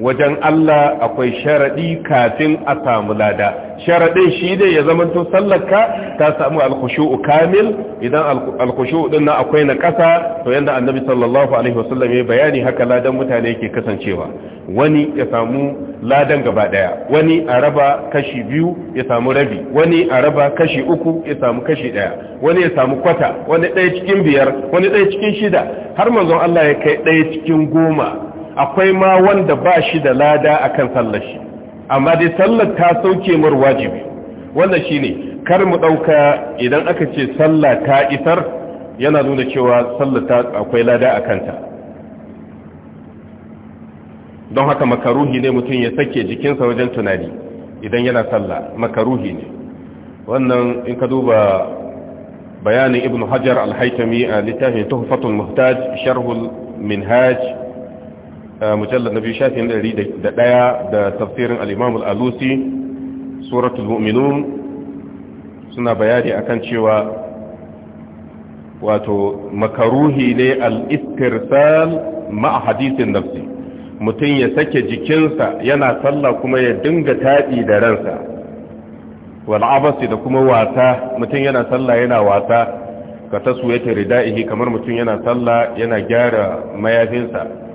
wajen Allah akwai sharaɗi kafin a samu lada sharaɗin shi dai ya zamanto sallarka ta samu alkhushu'u kamil idan alkhushu'u din na akwai na ƙasa, to yanda annabi sallallahu alaihi wasallam ya bayani haka ladan mutane yake kasancewa wani ya samu ladan gaba daya wani a raba kashi biyu ya samu rabi wani a raba kashi uku ya samu kashi daya wani ya samu kwata wani ɗaya cikin biyar wani ɗaya cikin shida har manzon Allah ya kai ɗaya cikin goma akwai ma wanda ba shi da lada akan sallar shi amma dai sallar ta sauke mar wajibi wannan ne kar mu ɗauka idan aka ce sallah ta isar yana nuna cewa sallar ta akwai lada a kanta don haka makaruhi ne mutum ya sake jikinsa wajen tunani idan yana sallar makaruhi ne wannan in ka duba bayanin ibn hajar al-haitami a littafin tuhfatul muhtaj sharhul minhaj mujallar na biyu shafin ɗari da ɗaya da tafsirin al'imamul alusi suratul muminu suna bayani akan cewa wato makaruhi ne al'istirsal ma'a hadisin nafsi mutum ya sake jikinsa yana sallah kuma ya dinga taɗi da ransa wal'abasi da kuma wasa mutum yana sallah yana wasa ka taswiyata rida'ihi kamar mutum yana sallah yana gyara mayafinsa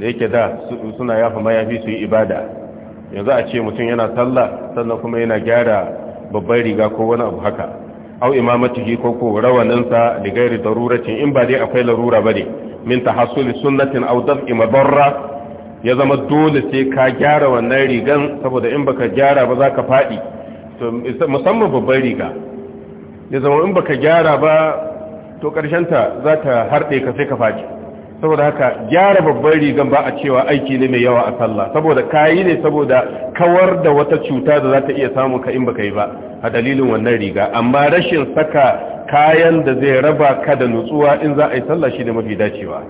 da yake da suna yafa mayafi su yi ibada yanzu a ce mutum yana sallah sannan kuma yana gyara babban riga ko wani abu haka au imamatihi ko ko rawaninsa da gairi daruratin in ba dai akwai larura ba ne min tahassuli sunnatin aw daf'i madarra ya zama dole sai ka gyara wannan rigan saboda in baka gyara ba za ka to musamman babban riga ya zama in baka gyara ba to karshen ta za ta harɗe ka sai ka faɗi saboda haka gyara babban rigan ba a cewa aiki ne mai yawa a sallah saboda kayi ne saboda kawar da wata cuta da za ta iya samun ka in baka yi ba a dalilin wannan riga amma rashin saka kayan da zai raba ka da nutsuwa in za a yi sallah shi ne mafi dacewa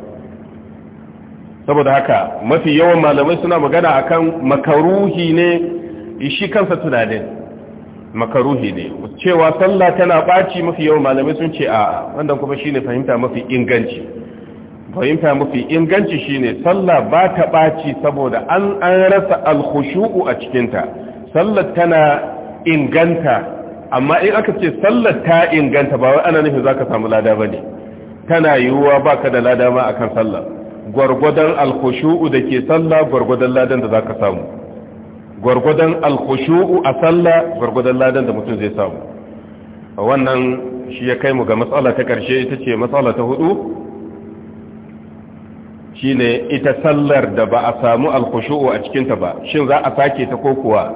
saboda haka mafi yawan malamai suna magana akan makaruhi ne shi kansa tunanin makaruhi ne cewa sallah tana ɓaci mafi yawan malamai sun ce a'a wannan kuma shine fahimta mafi inganci fahimta mafi inganci shine sallah ba ta ɓaci saboda an an rasa alkhushu'u a cikinta sallar tana inganta amma in aka ce sallar ta inganta ba wai ana nufin zaka samu lada bane tana yiwuwa baka da lada ma akan sallah gwargwadon alkhushu'u da ke sallah gwargwadon ladan da zaka samu gwargwadon alkhushu'u a sallah gwargwadon ladan da mutum zai samu wannan shi ya kai mu ga matsala ta karshe ita ce matsala ta hudu shine ita sallar da ba a samu alkushu'u a cikinta ba shin za a sake ta ko kuwa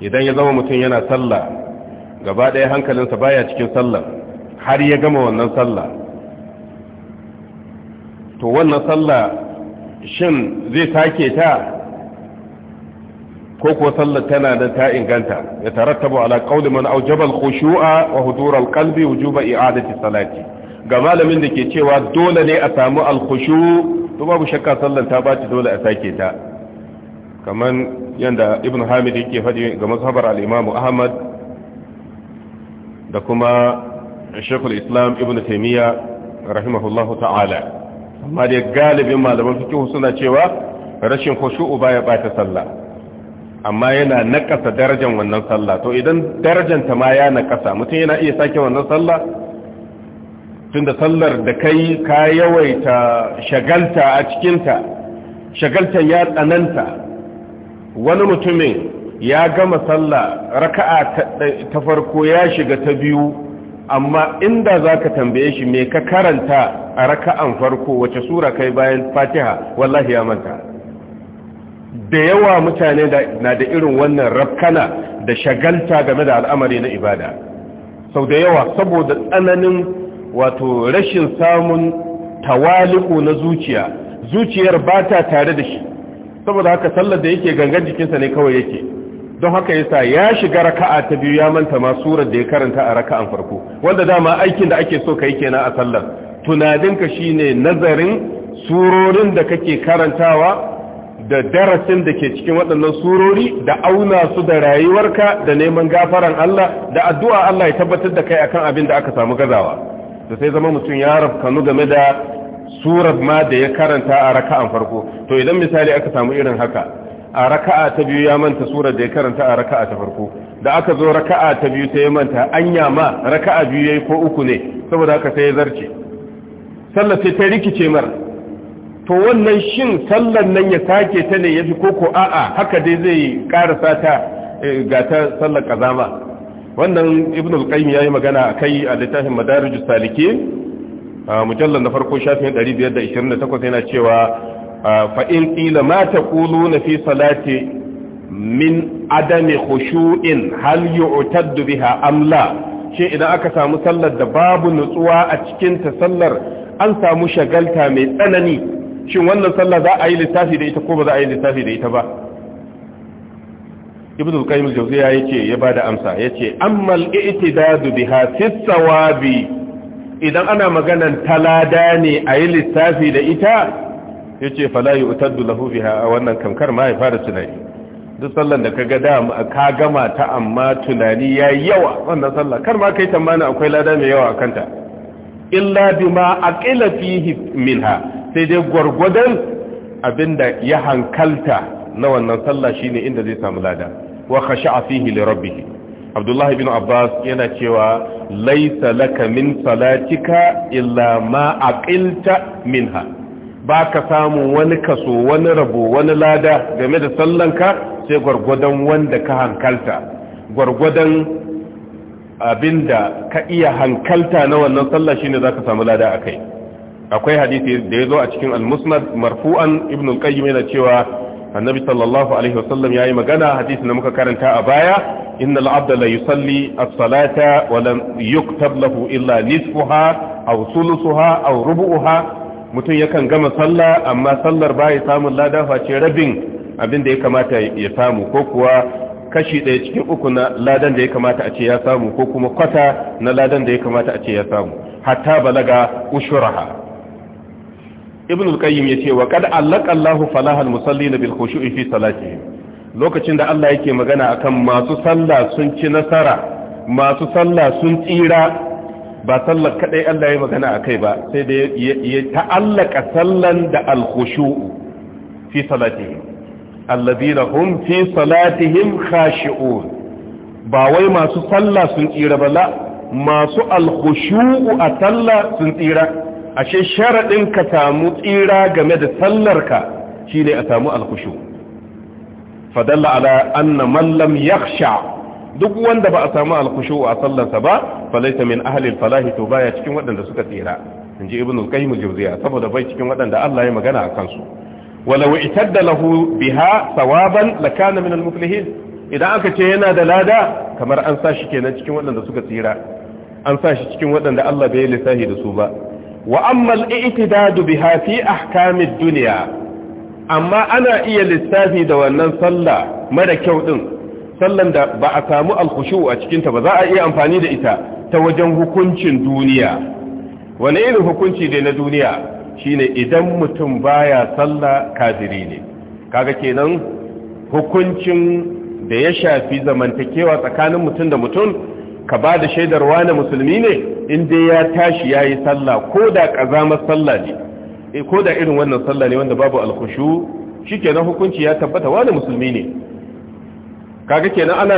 idan ya zama mutum yana sallah gaba ɗaya hankalinsa baya cikin sallah har ya gama wannan sallah to wannan sallah shin zai sake ta ko kuwa sallar tana da ta inganta ya tarattabu ala qawli man aujaba al-khushu'a wa ƙalbi, al wujuba i'adati salati ga malamin da ke cewa dole ne a samu alkhushu to babu shakka sallan ta baci dole a sake ta Kamar yadda ibn hamid yake faɗi ga mazhabar al ahmad da kuma shekul islam ibn taimiyya rahimahullahu ta'ala amma da galibin malaman fikihu suna cewa rashin ba baya bata sallah amma yana nakasa darajar wannan sallah to idan darajanta ma ya nakasa mutum yana iya sake wannan sallah tunda sallar da kai ka yawaita shagalta a cikinta shagaltan ya tsananta wani mutumin ya gama sallah raka'a ta farko ya shiga ta biyu amma inda za ka tambaye shi me ka karanta a raka'an farko wace sura kai bayan fatiha wallahi ya manta da yawa mutane na da irin wannan rafkana da shagalta game da al'amari na ibada sau da yawa saboda tsananin wato rashin samun tawali'u na zuciya zuciyar ba ta tare da shi saboda haka sallar da yake gangan jikinsa ne kawai yake don haka yasa ya shiga raka'a ta biyu ya manta ma surar da ya karanta a raka'an farko wanda dama aikin da ake so kai kenan a sallar ka shine nazarin surorin da kake karantawa da darasin da ke cikin waɗannan surori da auna su da rayuwarka da neman gafaran Allah da addu'a Allah ya tabbatar da kai akan abin da aka samu gazawa da sai zama mutum ya rafkanu game da surar ma da ya karanta a raka'an farko to idan misali aka samu irin haka a raka'a ta biyu ya manta surar da ya karanta a raka'a ta farko da aka zo raka'a ta biyu sai ya manta anya ma raka'a biyu yayi ko uku ne saboda haka sai ya zarce sallar sai ta rikice mar to wannan shin sallar nan ya sake ta ne yafi koko a'a haka dai zai karasa ta eh, ga ta sallar kazama wannan ibn al-qayyim yayi magana akai a littafin madarij salikin mujallal na farko shafin 528 yana cewa fa in qila ma taquluna fi salati min adami khushu'in hal yu'taddu biha am la shi idan aka samu sallar da babu nutsuwa a cikin ta sallar an samu shagalta mai tsanani shin wannan sallar za a yi littafi da ita ko ba za a yi littafi da ita ba ibn al-qayyim al-jawziya ya bada amsa yace ammal i'tidadu biha fi sawabi idan ana maganan talada ne ayi lissafi da ita yace fala yu'taddu lahu biha wannan kamkar ma ya fara tunani duk sallan da kaga da ka gama ta amma tunani yayi yawa wannan sallah kar ma kai tambana akwai lada mai yawa kanta illa bima aqila fihi minha sai dai gwargwadon abinda ya hankalta na wannan sallah shine inda zai samu lada wa khasha'a fihi li rabbih Abdullah ibn Abbas yana cewa laisa laka min salatika illa ma aqilta minha baka samu wani kaso wani rabo wani lada game da sallanka sai gwargwadon wanda ka hankalta gwargwadon abinda ka iya hankalta na wannan sallah shine zaka samu lada akai akwai hadisi da yazo a cikin al-musnad marfu'an ibn al-qayyim yana cewa annabi sallallahu alaihi wasallam yayi magana hadisi da muka karanta a baya innal abda la yusalli as-salata wa lam yuktab lahu illa nisfuha aw thuluthuha aw rubu'uha mutum yakan gama sallah amma sallar baya samun lada face rabin abin da ya kamata ya samu ko kuwa kashi ɗaya cikin uku na ladan da ya kamata a ce ya samu ko kuma kwata na ladan da ya kamata a ce ya samu hatta balaga ushuraha ibn al-qayyim yace wa qad allaka Allahu falahal musallina bil khushu'i fi salatihim lokacin da Allah yake magana akan masu sallah sun ci nasara masu sallah sun tsira ba sallar kadai Allah ya magana akai ba sai da ya ta'allaka sallan da al-khushu'u fi salatihim alladhina hum fi salatihim khashi'un ba wai masu sallah sun tsira ba la masu al-khushu'u a sallah sun tsira ashe sharaɗin ka samu tsira game da sallarka shine a samu alkushu fadalla ala anna mallam lam duk wanda ba a samu alkushu a sallarsa ba falaita min ahli falahi to baya cikin waɗanda suka tsira in inji ibn al mu jawziya saboda bai cikin waɗanda Allah ya magana a kansu. walau itadda lahu biha thawaban lakana min al-muflihin idan aka ce yana da lada kamar an sa shi kenan cikin waɗanda suka tsira an sa shi cikin waɗanda Allah bai lissahi da su ba wa ammal i'tidadu biha fi ahkamid dunya amma ana iya lissafi da wannan sallah mara kyau din sallan da ba a samu alkhushu a cikin ta ba za a iya amfani da ita ta wajen hukuncin duniya wani irin hukunci ne na duniya shine idan mutum baya sallah kafiri ne kaga kenan hukuncin da ya shafi zamantakewa tsakanin mutum da mutum ka ba da shaidar wani musulmi ne in dai ya tashi ya yi sallah ko da ƙazamar sallah ne eh, ko da irin wannan sallah ne wanda babu alkushu shi kenan hukunci ya tabbata wani musulmi ne kaga kenan ana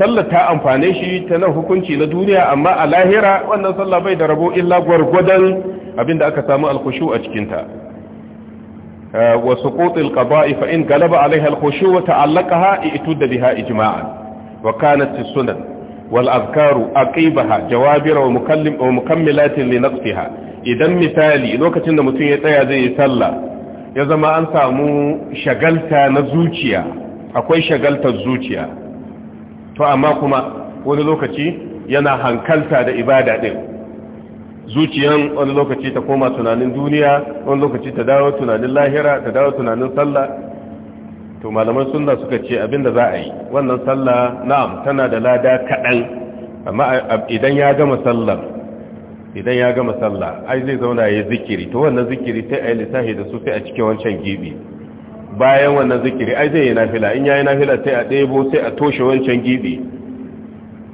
sallah ta amfane shi ta nan hukunci na duniya amma a lahira wannan sallah bai da rabo illa gwargwadon abinda aka samu alkushu a cikinta eh, wa suqutil qada'i fa in galaba alaiha alkhushu wa ta'allaqaha itudda biha ijma'an wa kanat as wal askaru aqibaha jawabira wa mukallim wa mukammilatin li nafsiha idan misali lokacin da mutum ya tsaya zai yi sallah ya zama an samu shagalta na zuciya akwai shagaltar zuciya to amma kuma wani lokaci yana hankalta da ibada ɗin zuciyan wani lokaci ta koma tunanin duniya wani lokaci ta dawo tunanin lahira ta dawo tunanin sallah to malaman sunna suka ce abinda za a yi wannan sallah na'am tana da lada kaɗan amma idan ya gama sallar idan ya gama sallah ai zai zauna ya zikiri to wannan zikiri sai a yi lissafi da su sai a cikin wancan gibi bayan wannan zikiri ai zai yi nafila in ya yi nafila sai a ɗebo sai a toshe wancan gibi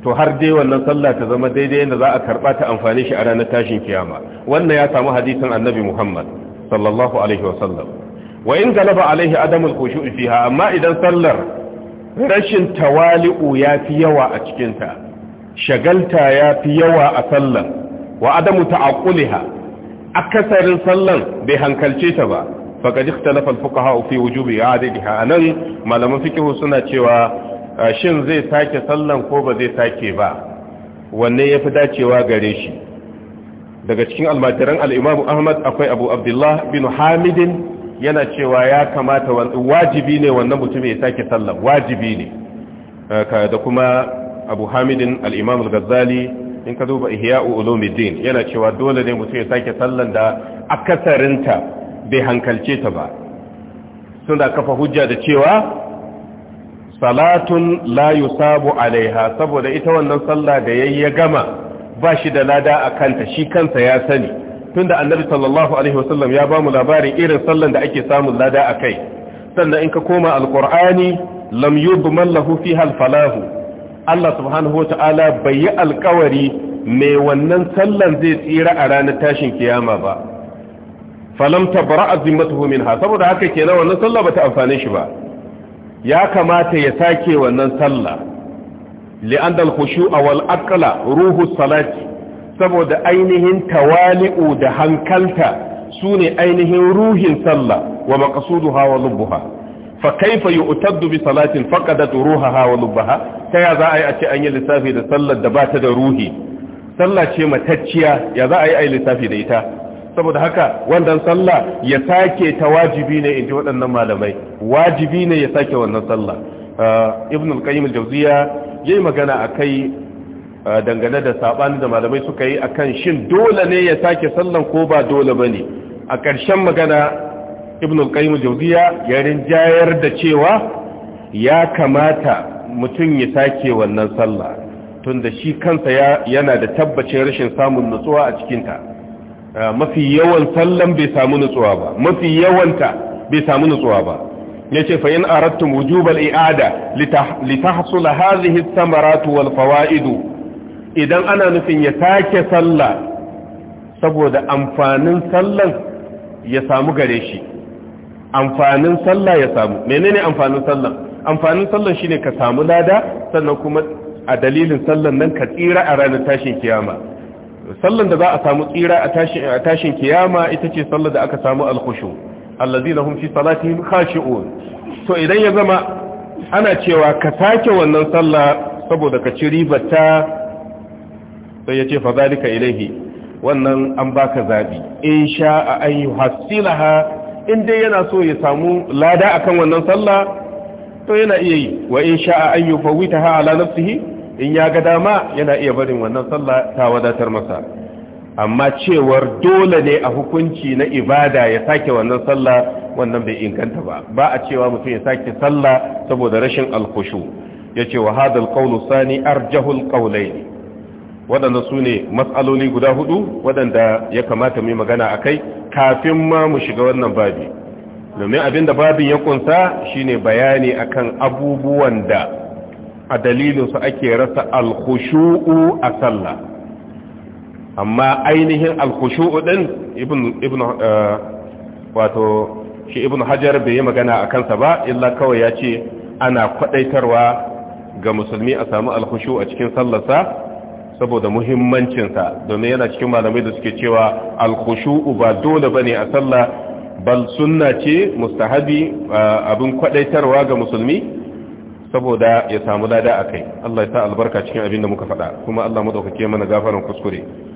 to har dai wannan sallah ta zama daidai yadda za a karɓa ta amfani shi a ranar tashin kiyama wannan ya samu hadisin annabi muhammad sallallahu alaihi wasallam wa in galaba alaihi adamul khushu' fiha amma idan sallar rashin tawali'u yafi yawa a cikin ta shagalta yafi yawa a sallar wa adamu ta'aqquliha akasarin sallan bai hankalce ta ba faqad ikhtalafa al-fuqaha fi wujubi i'adatiha anan malaman fiqh suna cewa shin zai sake sallan ko ba zai sake ba wanne yafi dacewa gare shi daga cikin almajiran al-imam Ahmad akwai Abu Abdullah bin Hamidin yana cewa ya kamata wajibi ne wannan mutum ya sake sallah wajibi ne da kuma abu hamidin al'imam al-ghazali in ka duba ihya'u ulumidin yana cewa dole ne mutum ya sake sallah da akasarinta bai hankalce ta ba suna kafa hujja da cewa salatun layu sabu alaiha saboda ita wannan sallah da yayi ya gama ba shi da lada a kanta shi kansa ya sani tunda annabi sallallahu alaihi wasallam ya bamu labarin irin sallan da ake samun lada a kai sannan in ka koma alqur'ani lam yudman lahu fiha alfalahu Allah subhanahu wataala bai yi alkawari mai wannan sallan zai tsira a ranar tashin kiyama ba falam tabra'a zimmatuhu minha saboda haka kenan wannan sallah bata amfane shi ba ya kamata ya sake wannan sallah li'an al-khushu'a wal aqla ruhu salati saboda ainihin tawali'u da hankalta su ne ainihin ruhin sallah wa maqsuduha hawa lubbuha fa kaifa yu'taddu bi salatin faqadat ruhaha wa lubbaha ta ya za a yi a ce an yi lissafi da sallar da bata da ruhi sallah ce matacciya ya za a yi a yi lissafi da ita saboda haka wannan sallah ya sake ta wajibi ne inji waɗannan malamai wajibi ne ya sake wannan sallah uh, ibn al-qayyim al-jawziya yayi magana akai dangane da sabani da malamai suka yi akan shin dole ne ya sake sallan ko ba dole bane a ƙarshen magana ibn al-qayyim jawziya ya rinjayar da cewa ya kamata mutum ya sake wannan sallah tunda shi kansa yana da tabbacin rashin samun nutsuwa a cikinta mafi yawan sallan bai samu nutsuwa ba mafi yawanta bai samu nutsuwa ba yace fa in aradtum wujub al-i'ada litahsul hadhihi ath-thamarat wal fawaid idan ana nufin ya take sallah saboda amfanin sallan ya samu gare shi amfanin sallah ya samu menene amfanin sallan amfanin sallan shine ka samu lada sannan kuma a dalilin sallan nan ka tsira a ranar tashin kiyama sallan da za a samu tsira a tashin kiyama ita ce sallar da aka samu alkhushu allazina hum fi salatihim khashi'un to idan ya zama ana cewa ka take wannan sallah saboda ka ci ta sai ya ce fa zalika ilaihi wannan an baka zabi in sha'a an yuhassilaha in dai yana so ya samu lada akan wannan sallah to yana iya yi wa in sha'a an yufawwitaha ala nafsihi in ya ga dama yana iya barin wannan sallah ta wadatar masa amma cewar dole ne a hukunci na ibada ya sake wannan sallah wannan bai inganta ba ba a cewa mutum ya sake sallah saboda rashin alkushu ya ce wa hadal qawlu sani arjahul qawlayn waɗanda su ne matsaloli guda hudu waɗanda ya kamata mai magana a kai kafin ma mu shiga wannan babi domin abin da babin ya kunsa shine bayani akan abubuwan da a dalilinsu ake rasa alkhushu'u a sallah amma ainihin alkushu'u ɗin ibn eh, wato shi ibn hajar bai yi magana a kansa ba illa kawai ya ce ana kwaɗaitarwa ga musulmi a samu alkushu a cikin sallarsa saboda muhimmancinsa domin yana cikin malamai da suke cewa alkushu'u ba dole ba ne a sallah bal sunna ce mustahabi abin kwadaitarwa ga musulmi saboda ya samu lada a kai Allah ya sa albarka cikin abin da muka faɗa kuma Allah madaukake mana gafaran kuskure